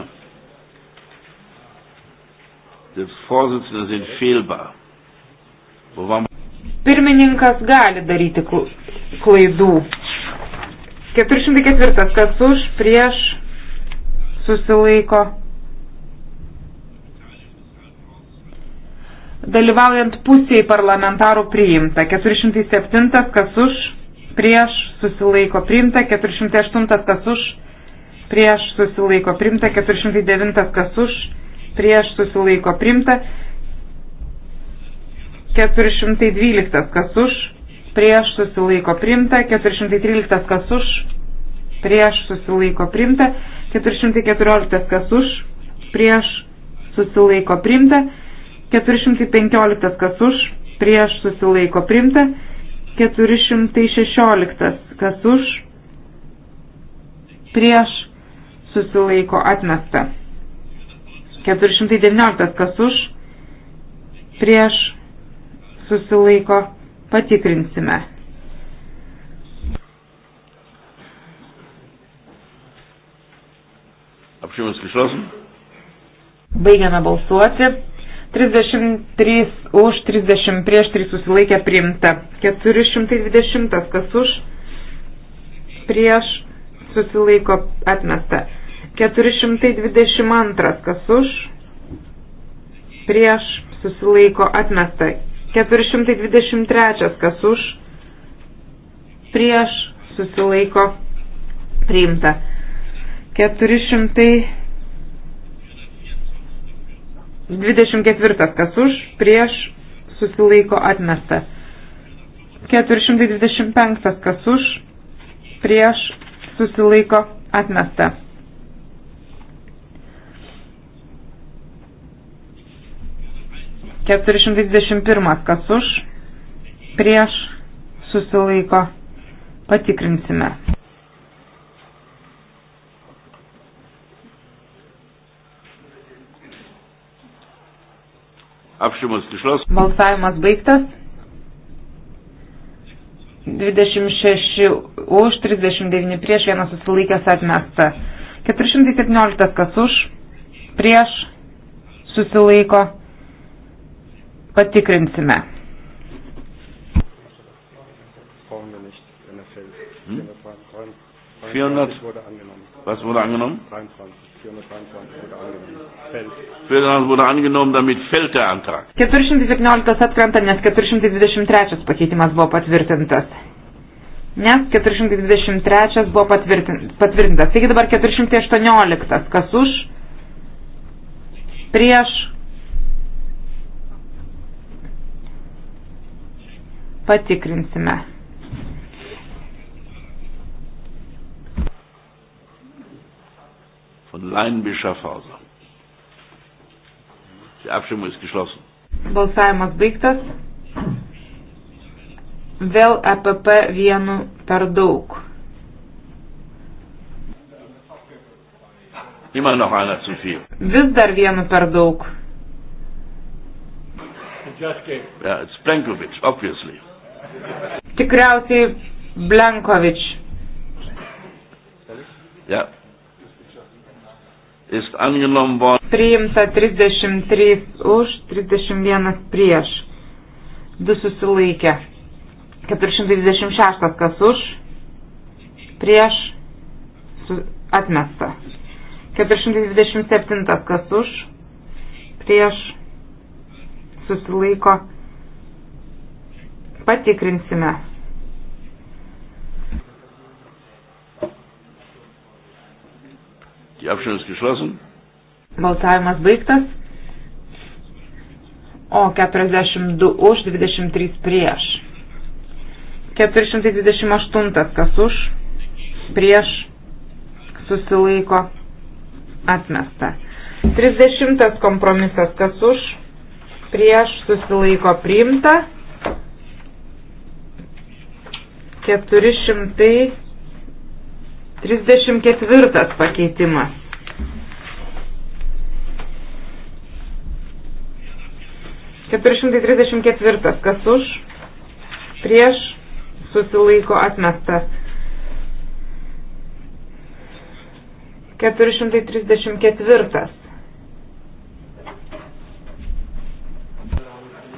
Speaker 3: Der Vorsitzende sind fehlbar.
Speaker 1: Wo waren Pirmininkas gali daryti klaidų. 404. Kas už, prieš, susilaiko. Dalyvaujant pusiai parlamentarų priimta. 407. Kas už, prieš, susilaiko. Priimta. 408. Kas už, prieš susilaiko primta, 409 kas už, prieš susilaiko primta, 412 kas už, prieš susilaiko primta, 413 kas už, prieš susilaiko primta, 414 kas už, prieš susilaiko primta, 415 kas už, prieš susilaiko primta, 416 kas už, prieš susilaiko atmesta. 419 kas už, prieš susilaiko patikrinsime.
Speaker 3: Apšimas išlasim.
Speaker 1: Baigiame balsuoti. 33 už, 30 prieš, 3 susilaikė priimta. 420 kas už, prieš susilaiko atmesta. 422 kas už, prieš susilaiko atmesta. 423 kas už, prieš susilaiko priimta. 424 kas už, prieš susilaiko atmesta. 425 kas už, prieš susilaiko atmesta. 421. Kas už? Prieš susilaiko. Patikrinsime.
Speaker 3: Apšimas išlas.
Speaker 1: Balsavimas baigtas. 26 už, 39 prieš, vienas susilaikęs atmesta. 417 kas už, prieš, susilaiko Patikrinsime.
Speaker 4: Hm?
Speaker 2: 400, was wurde angenommen?
Speaker 3: 423 wurde angenommen, damit fällt der Antrag.
Speaker 1: 417 atkrenta, nes 423 pakeitimas buvo patvirtintas. Nes 423 buvo patvirtintas. Taigi dabar 418. Kas už? Prieš patikrinsime.
Speaker 3: Von Leinen bis Schaffhauser. Die Abstimmung ist geschlossen.
Speaker 1: Balsavimas baigtas. Vėl EPP vienu per daug.
Speaker 3: Immer noch einer zu viel.
Speaker 1: Vis dar vienu per daug.
Speaker 3: Just gave. Yeah, it's Plenkovic, obviously.
Speaker 1: Tikriausiai Blankovič. Ja. Priimta 33 už, 31 prieš. 2 susilaikė. 426 kas už, prieš, su, atmesta. 427 kas už, prieš, susilaiko Patikrinsime. Balsavimas baigtas. O 42 už, 23 prieš. 428 kas už, prieš, susilaiko, atmesta. 30 kompromisas kas už, prieš, susilaiko, priimta. 434 pakeitimas. Keturi šimtai trisdešimt ketvirtas, kas už, prieš, susilaiko atmestas. Keturi šimtai trisdešimt ketvirtas,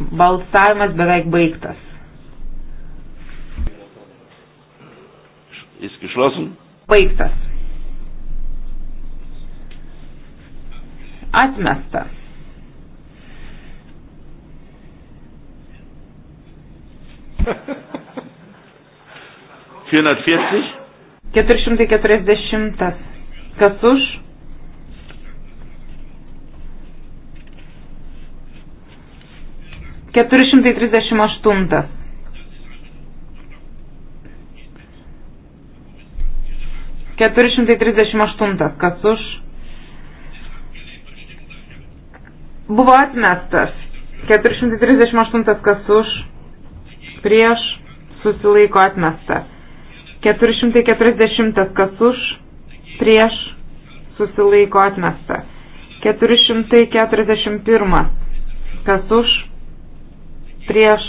Speaker 1: Balsavimas beveik baigtas.
Speaker 3: Jis išlosim?
Speaker 1: Baigtas. Atmesta.
Speaker 3: Vierhundertvierzig.
Speaker 1: 440. Kas už? 438. Keturi šimtai trisdešimt aštuntas, kas už, buvo atmestas, keturi šimtai trisdešimt aštuntas, kas už, prieš, susilaiko atmestas, keturi šimtai keturiasdešimtas, kas už, prieš, susilaiko atmestas, keturi šimtai keturiasdešimt pirmas, kas už, prieš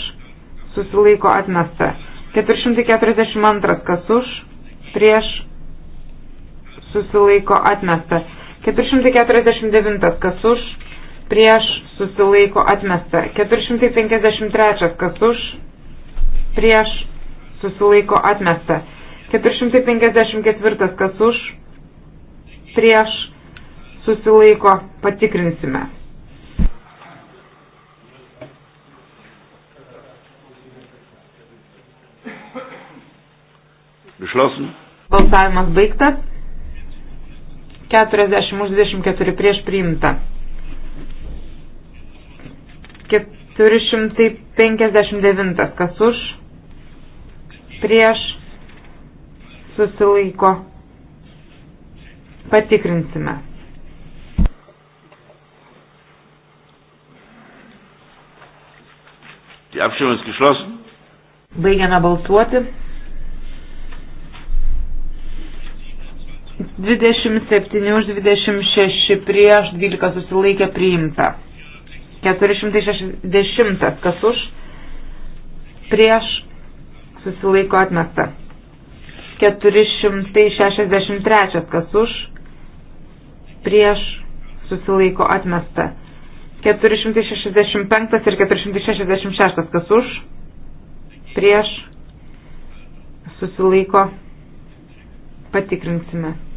Speaker 1: susilaiko atmesta. 442 kas už, prieš susilaiko atmesta. 449 kas už, prieš susilaiko atmesta. 453 kas už, prieš susilaiko atmesta. 454 kas už, prieš susilaiko patikrinsime. Geschlossen. Balsavimas baigtas. 40 už 24 prieš priimta. 459 kas už, prieš, susilaiko. Patikrinsime.
Speaker 3: Die Abstimmung ist geschlossen.
Speaker 1: Baigiame balsuoti. 27 už 26 prieš 12 susilaikė priimta. 460 kas už prieš susilaiko atmesta. 463 kas už prieš susilaiko atmesta. 465 ir 466 kas už prieš susilaiko patikrinsime.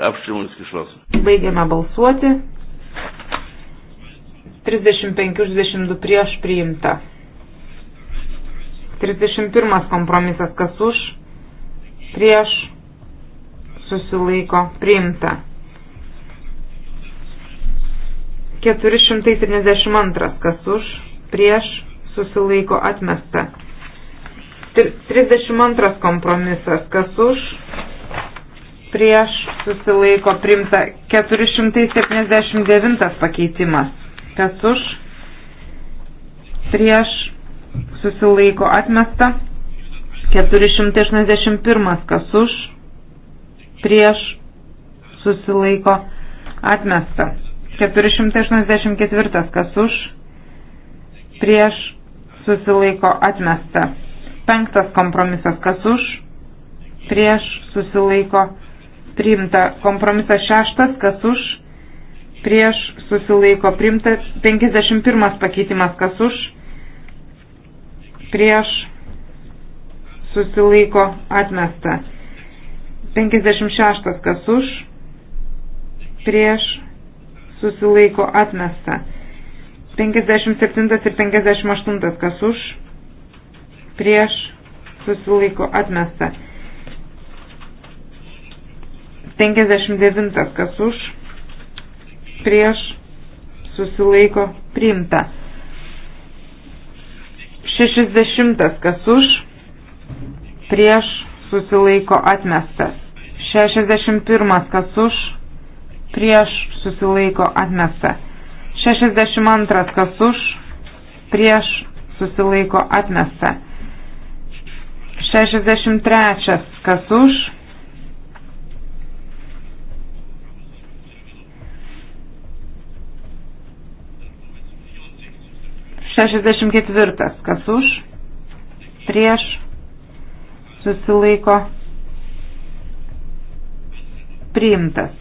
Speaker 3: Abstimmung ist geschlossen.
Speaker 1: Baigiame balsuoti. 35-22 prieš priimta. 31 kompromisas kas už, prieš, susilaiko, priimta. 472 kas už, prieš, susilaiko, atmesta. 32 kompromisas kas už, prieš susilaiko primta 479 pakeitimas. Kas už prieš susilaiko atmesta 481. Kas už prieš susilaiko atmesta 484. Kas už prieš susilaiko atmesta. Penktas kompromisas. Kas už prieš susilaiko atmesta priimta. Kompromisas šeštas, kas už, prieš susilaiko priimta. 51 pakeitimas, kas už, prieš susilaiko atmesta. 56 kas už, prieš susilaiko atmesta. 57 ir 58 kas už, prieš susilaiko atmesta. 59 kas už, prieš, susilaiko, priimta. 60 kas už, prieš, susilaiko, atmestas. 61 kas už, prieš, susilaiko, atmestas. 62 kas už, prieš, susilaiko, atmestas. 63 kas už, 64. Kas už? Prieš? Susilaiko? Priimtas.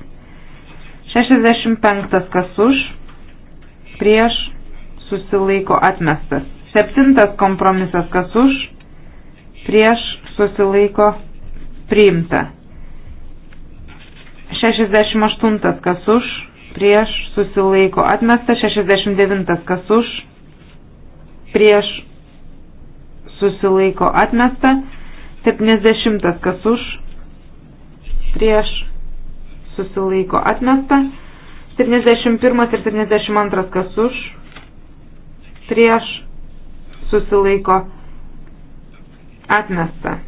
Speaker 1: 65. Kas už? Prieš? Susilaiko? Atmestas. 7. Kompromisas. Kas už? Prieš? Susilaiko? Priimta. 68. Kas už? Prieš? Susilaiko? Atmestas. 69. Kas už? prieš susilaiko atmesta, 70 kas už, prieš susilaiko atmesta, 71 ir 72 kas už, prieš susilaiko atmesta.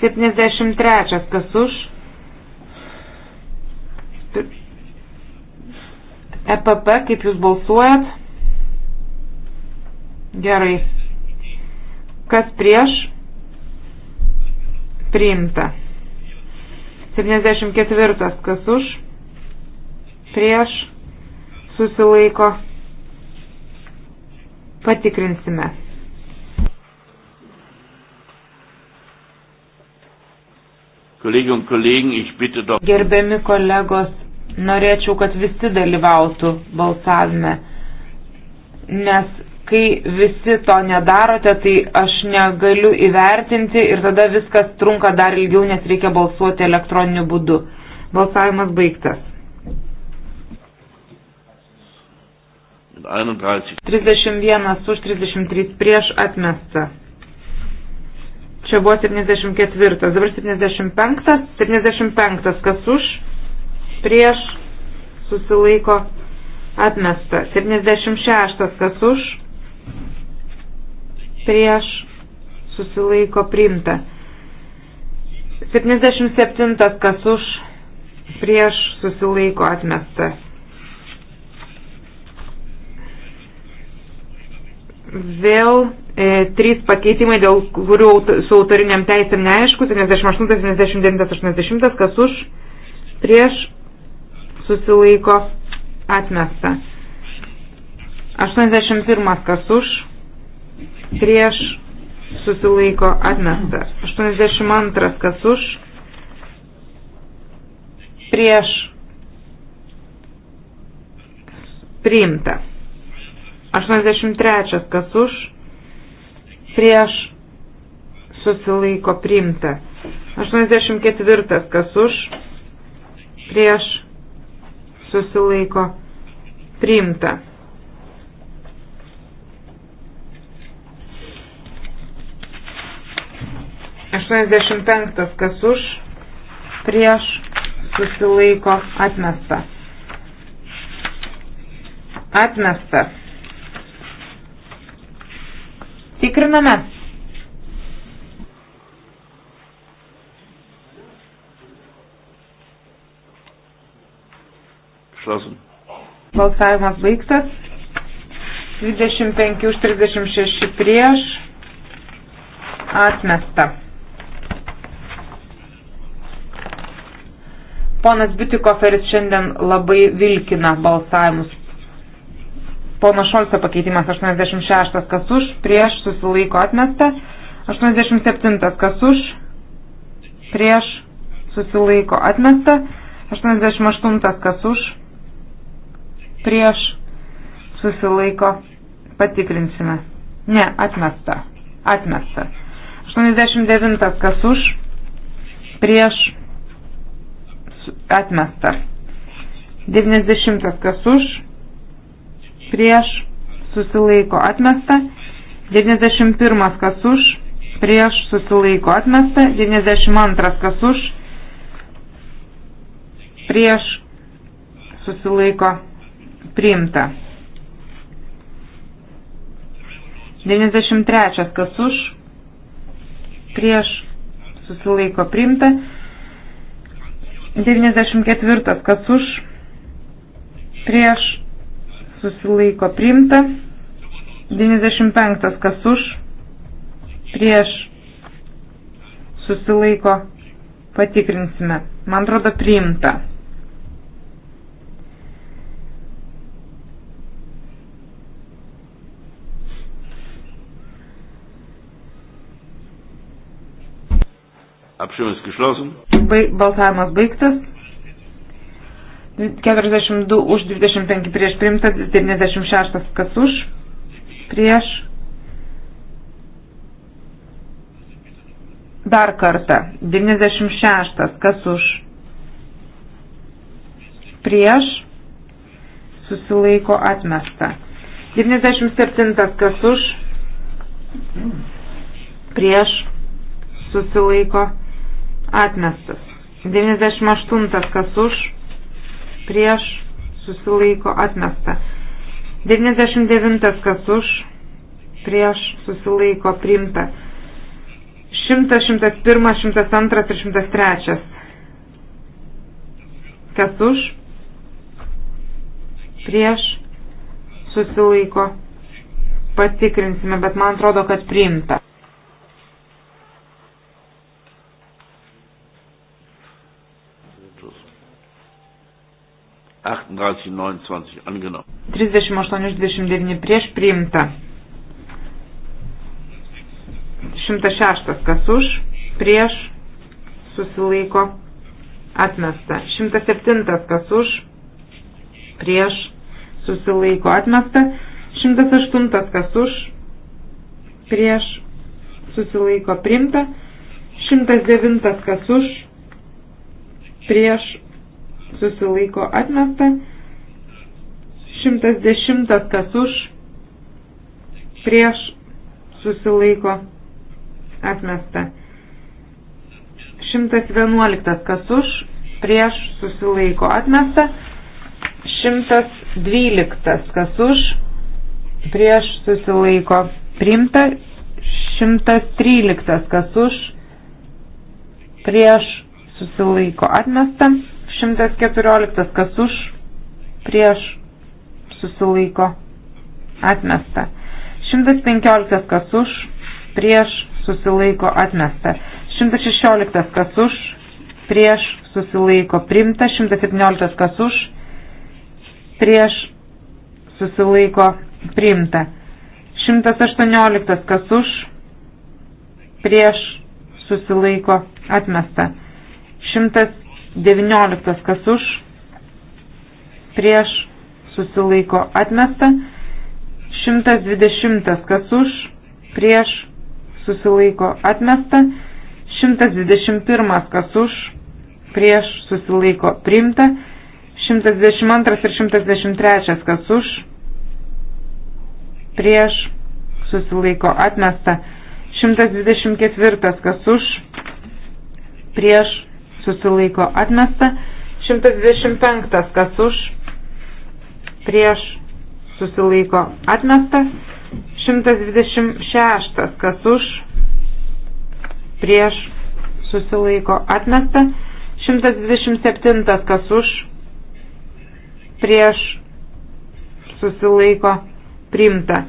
Speaker 1: 73 kas už, EPP, e kaip jūs balsuojat, Gerai. Kas prieš? Priimta. 74. Kas už? Prieš? Susilaiko. Patikrinsime.
Speaker 3: Kolegium, kolegium, ich bitte doch.
Speaker 1: Gerbiami kolegos, norėčiau, kad visi dalyvautų balsavime, nes Kai visi to nedarote, tai aš negaliu įvertinti ir tada viskas trunka dar ilgiau, nes reikia balsuoti elektroniniu būdu. Balsavimas baigtas. 31 už 33 prieš atmesta. Čia buvo 74, dabar 75, 75 kas už, prieš susilaiko atmesta. 76 kas už, prieš susilaiko priimta. 77 kas už prieš susilaiko atmesta. Vėl e, trys pakeitimai, dėl kurių su autoriniam teisėm neaišku, 78, 79, 80, kas už, prieš susilaiko atmesta. 81 kas už, prieš susilaiko atmesta. 82 kas už, prieš priimta. 83 kas už, prieš susilaiko priimta. 84 kas už, prieš susilaiko priimta. 85 kas už, prieš susilaiko atmesta. Atmesta. Tikriname. Šlasim. Balsavimas baigtas. 25 už 36 prieš. Atmesta. Ponas Biutikoferis šiandien labai vilkina balsavimus. Pono Šolco pakeitimas 86, kas už, prieš susilaiko atmesta. 87, kas už, prieš susilaiko atmesta. 88, kas už, prieš susilaiko patikrinsime. Ne, atmesta. Atmesta. 89, kas už, prieš atmesta. 90 kas už, prieš, susilaiko atmesta. 91 kas už, prieš, susilaiko atmesta. 92 kas už, prieš, susilaiko priimta. 93 kas už, prieš, susilaiko priimta. 94. Kas už? Prieš. Susilaiko priimta. 95. Kas už? Prieš. Susilaiko. Patikrinsime. Man atrodo priimta. Balsavimas baigtas. 42 už 25 prieš primtas, 96 kas už, prieš. Dar kartą, 96 kas už, prieš, susilaiko atmesta. 97 kas už, prieš, susilaiko atmesta atmestas. 98 kas už, prieš, susilaiko, atmesta. 99 kas už, prieš, susilaiko, priimta. 100, 101, 102 ir 103. Kas už, prieš, susilaiko, patikrinsime, bet man atrodo, kad priimta.
Speaker 3: 38, 29 angenommen.
Speaker 1: 38 už 29 prieš priimta. 106 kas už, prieš susilaiko atmesta. 107 kas už, prieš susilaiko atmesta. 108 kas už, prieš susilaiko primta. 109 kas už, prieš susilaiko atmesta. 110 kas už, prieš susilaiko atmesta. 111 kas už, prieš susilaiko atmesta. 112 kas už, prieš susilaiko priimta. 113 kas už, prieš susilaiko atmesta. 114 kas už, prieš susilaiko atmesta. 115 kas už, prieš susilaiko atmesta. 116 kas už, prieš susilaiko primta. 117 kas už, prieš susilaiko primta. 118 kas už, prieš susilaiko atmesta. 100 19 kas už, prieš susilaiko atmesta, 120 kas už, prieš susilaiko atmesta, 121 kas už, prieš susilaiko priimta, 122 ir 123 kas už, prieš susilaiko atmesta, 124 kas už, prieš susilaiko atmesta. 125 kas už, prieš susilaiko atmestas. 126 kas už, prieš susilaiko atmesta. 127 kas už, prieš susilaiko priimta.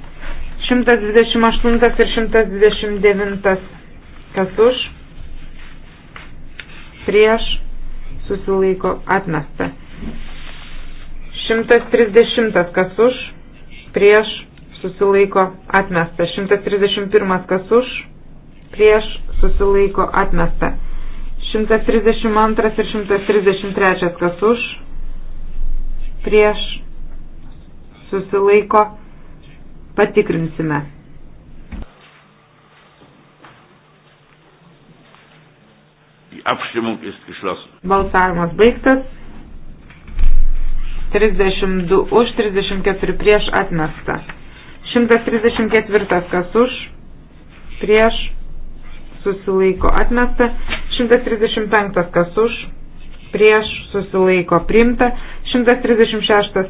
Speaker 1: 128 ir 129 kas už prieš susilaiko atmesta. 130 kas už, prieš susilaiko atmesta. 131 kas už, prieš susilaiko atmesta. 132 ir 133 kas už, prieš susilaiko patikrinsime.
Speaker 3: Die Abstimmung ist geschlossen.
Speaker 1: Balsavimas baigtas. 32 už, 34 prieš atmesta. 134 kas už, prieš susilaiko atmesta. 135 kas už, prieš susilaiko primta. 136.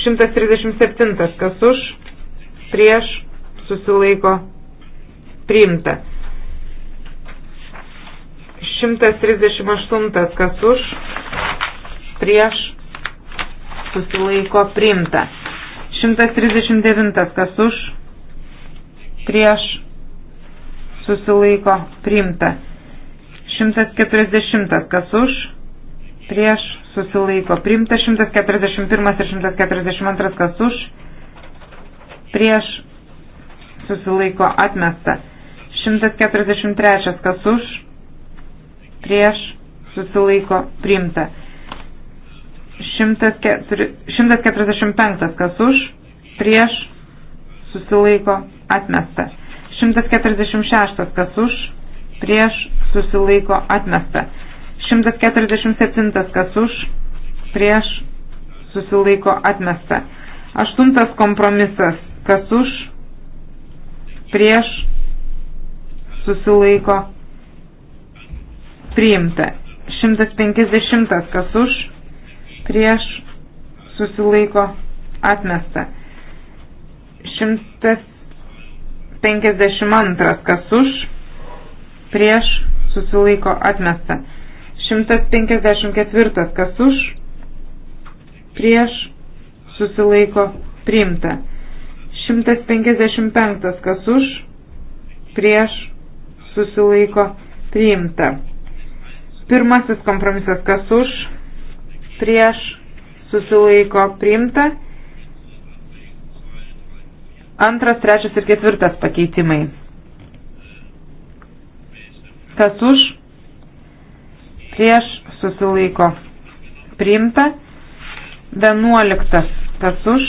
Speaker 1: 137 kas už, prieš susilaiko primta. 138 kas už, prieš, susilaiko priimta. 139 kas už, prieš, susilaiko priimta. 140 kas už, prieš, susilaiko priimta. 141 ir 142 kas už, prieš, susilaiko atmesta. 143 kas už, prieš susilaiko priimta. 145 kas už, prieš susilaiko atmesta. 146 kas už, prieš susilaiko atmesta. 147 kas už, prieš susilaiko atmesta. Aštuntas kompromisas kas už, prieš susilaiko atmesta priimta. 150 kas už, prieš susilaiko atmesta. 152 kas už, prieš susilaiko atmesta. 154 kas už, prieš susilaiko priimta. 155 kas už, prieš susilaiko priimta. Pirmasis kompromisas, kas už, prieš, susilaiko, priimta. Antras, trečias ir ketvirtas pakeitimai. Kas už, prieš, susilaiko, priimta. Vienuoliktas, kas už,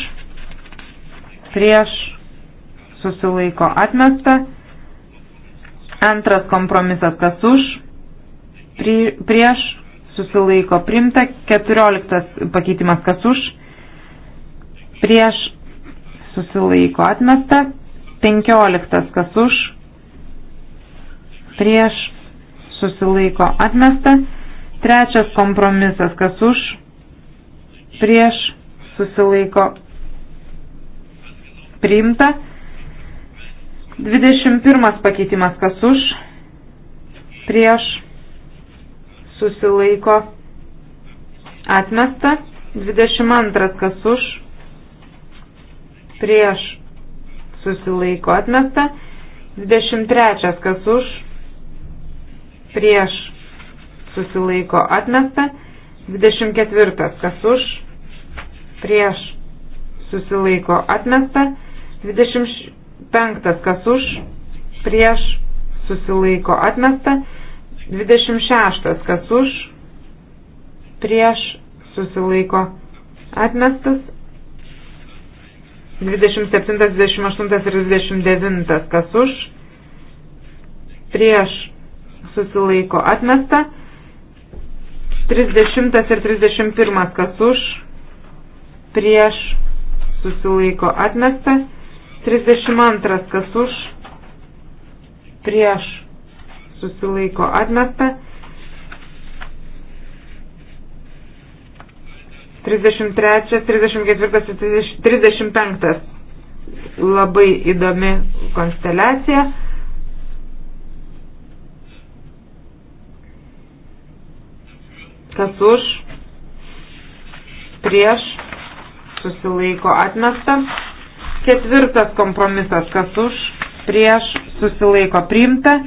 Speaker 1: prieš, susilaiko, atmesta. Antras kompromisas, kas už, pri, prieš, susilaiko primta, 14 pakeitimas kas už, prieš, susilaiko atmesta, 15 kas už, prieš, susilaiko atmesta, trečias kompromisas kas už, prieš, susilaiko priimta, 21 pakeitimas kas už, prieš, susilaiko atmesta, 22 kas už, prieš susilaiko atmesta, 23 kas už, prieš susilaiko atmesta, 24 kas už, prieš susilaiko atmesta, 25 kas už, prieš susilaiko atmesta, 26. Kas už, prieš, susilaiko, atmestas. 27, 28 ir 29. Kas už, prieš, susilaiko, atmesta. 30 ir 31. Kas už, prieš, susilaiko, atmesta. 32. Kas už, prieš, susilaiko atmesta. 33, 34 ir 35 labai įdomi konsteliacija. Kas už, prieš, susilaiko atmesta. Ketvirtas kompromisas, kas už, prieš, susilaiko priimta.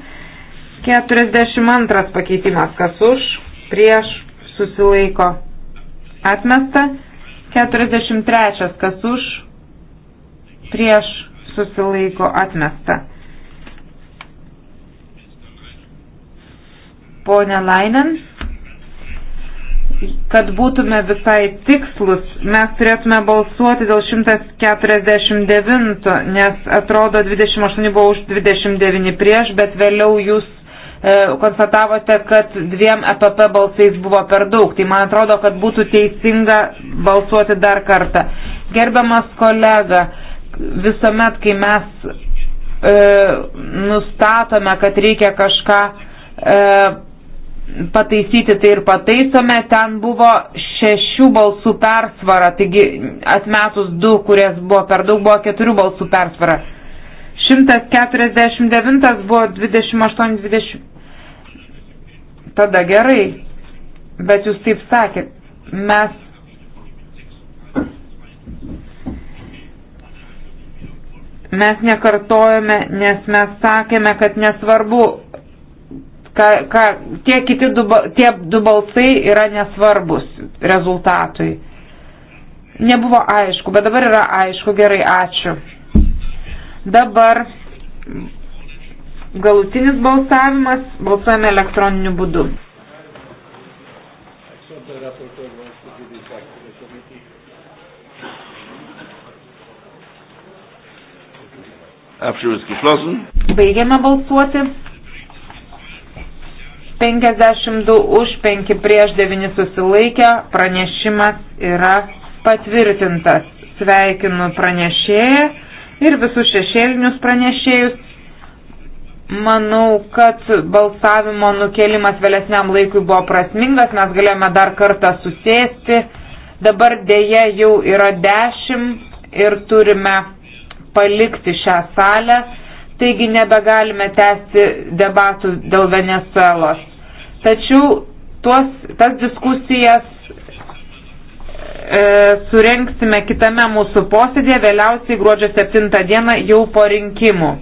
Speaker 1: 42 pakeitimas, kas už, prieš, susilaiko, atmesta. 43 kas už, prieš, susilaiko, atmesta. Pone Lainen, kad būtume visai tikslus, mes turėtume balsuoti dėl 149, nes atrodo 28 buvo už 29 prieš, bet vėliau jūs E, konstatavote, kad dviem EPP balsais buvo per daug. Tai man atrodo, kad būtų teisinga balsuoti dar kartą. Gerbiamas kolega, visuomet, kai mes e, nustatome, kad reikia kažką e, pataisyti, tai ir pataisome, ten buvo šešių balsų persvara, taigi atmetus du, kurias buvo per daug, buvo keturių balsų persvara. 149 buvo 28, 20, tada gerai, bet jūs taip sakėt, mes mes nekartojame, nes mes sakėme, kad nesvarbu, ka, ka, tie kiti du, tie du balsai yra nesvarbus rezultatui. Nebuvo aišku, bet dabar yra aišku, gerai, ačiū. Dabar Galutinis balsavimas balsuojame elektroniniu būdu.
Speaker 3: Apšyvis geschlossen.
Speaker 1: Baigiame balsuoti. 52 už 5 prieš 9 susilaikę pranešimas yra patvirtintas. Sveikinu pranešėją ir visus šešėlinius pranešėjus. Manau, kad balsavimo nukelimas vėlesniam laikui buvo prasmingas, mes galėjome dar kartą susėsti. Dabar dėje jau yra dešimt ir turime palikti šią salę, taigi nebegalime tęsti debatų dėl Venezuelos. Tačiau tuos, tas diskusijas e, surenksime kitame mūsų posėdėje, vėliausiai gruodžio 7 dieną jau po rinkimų.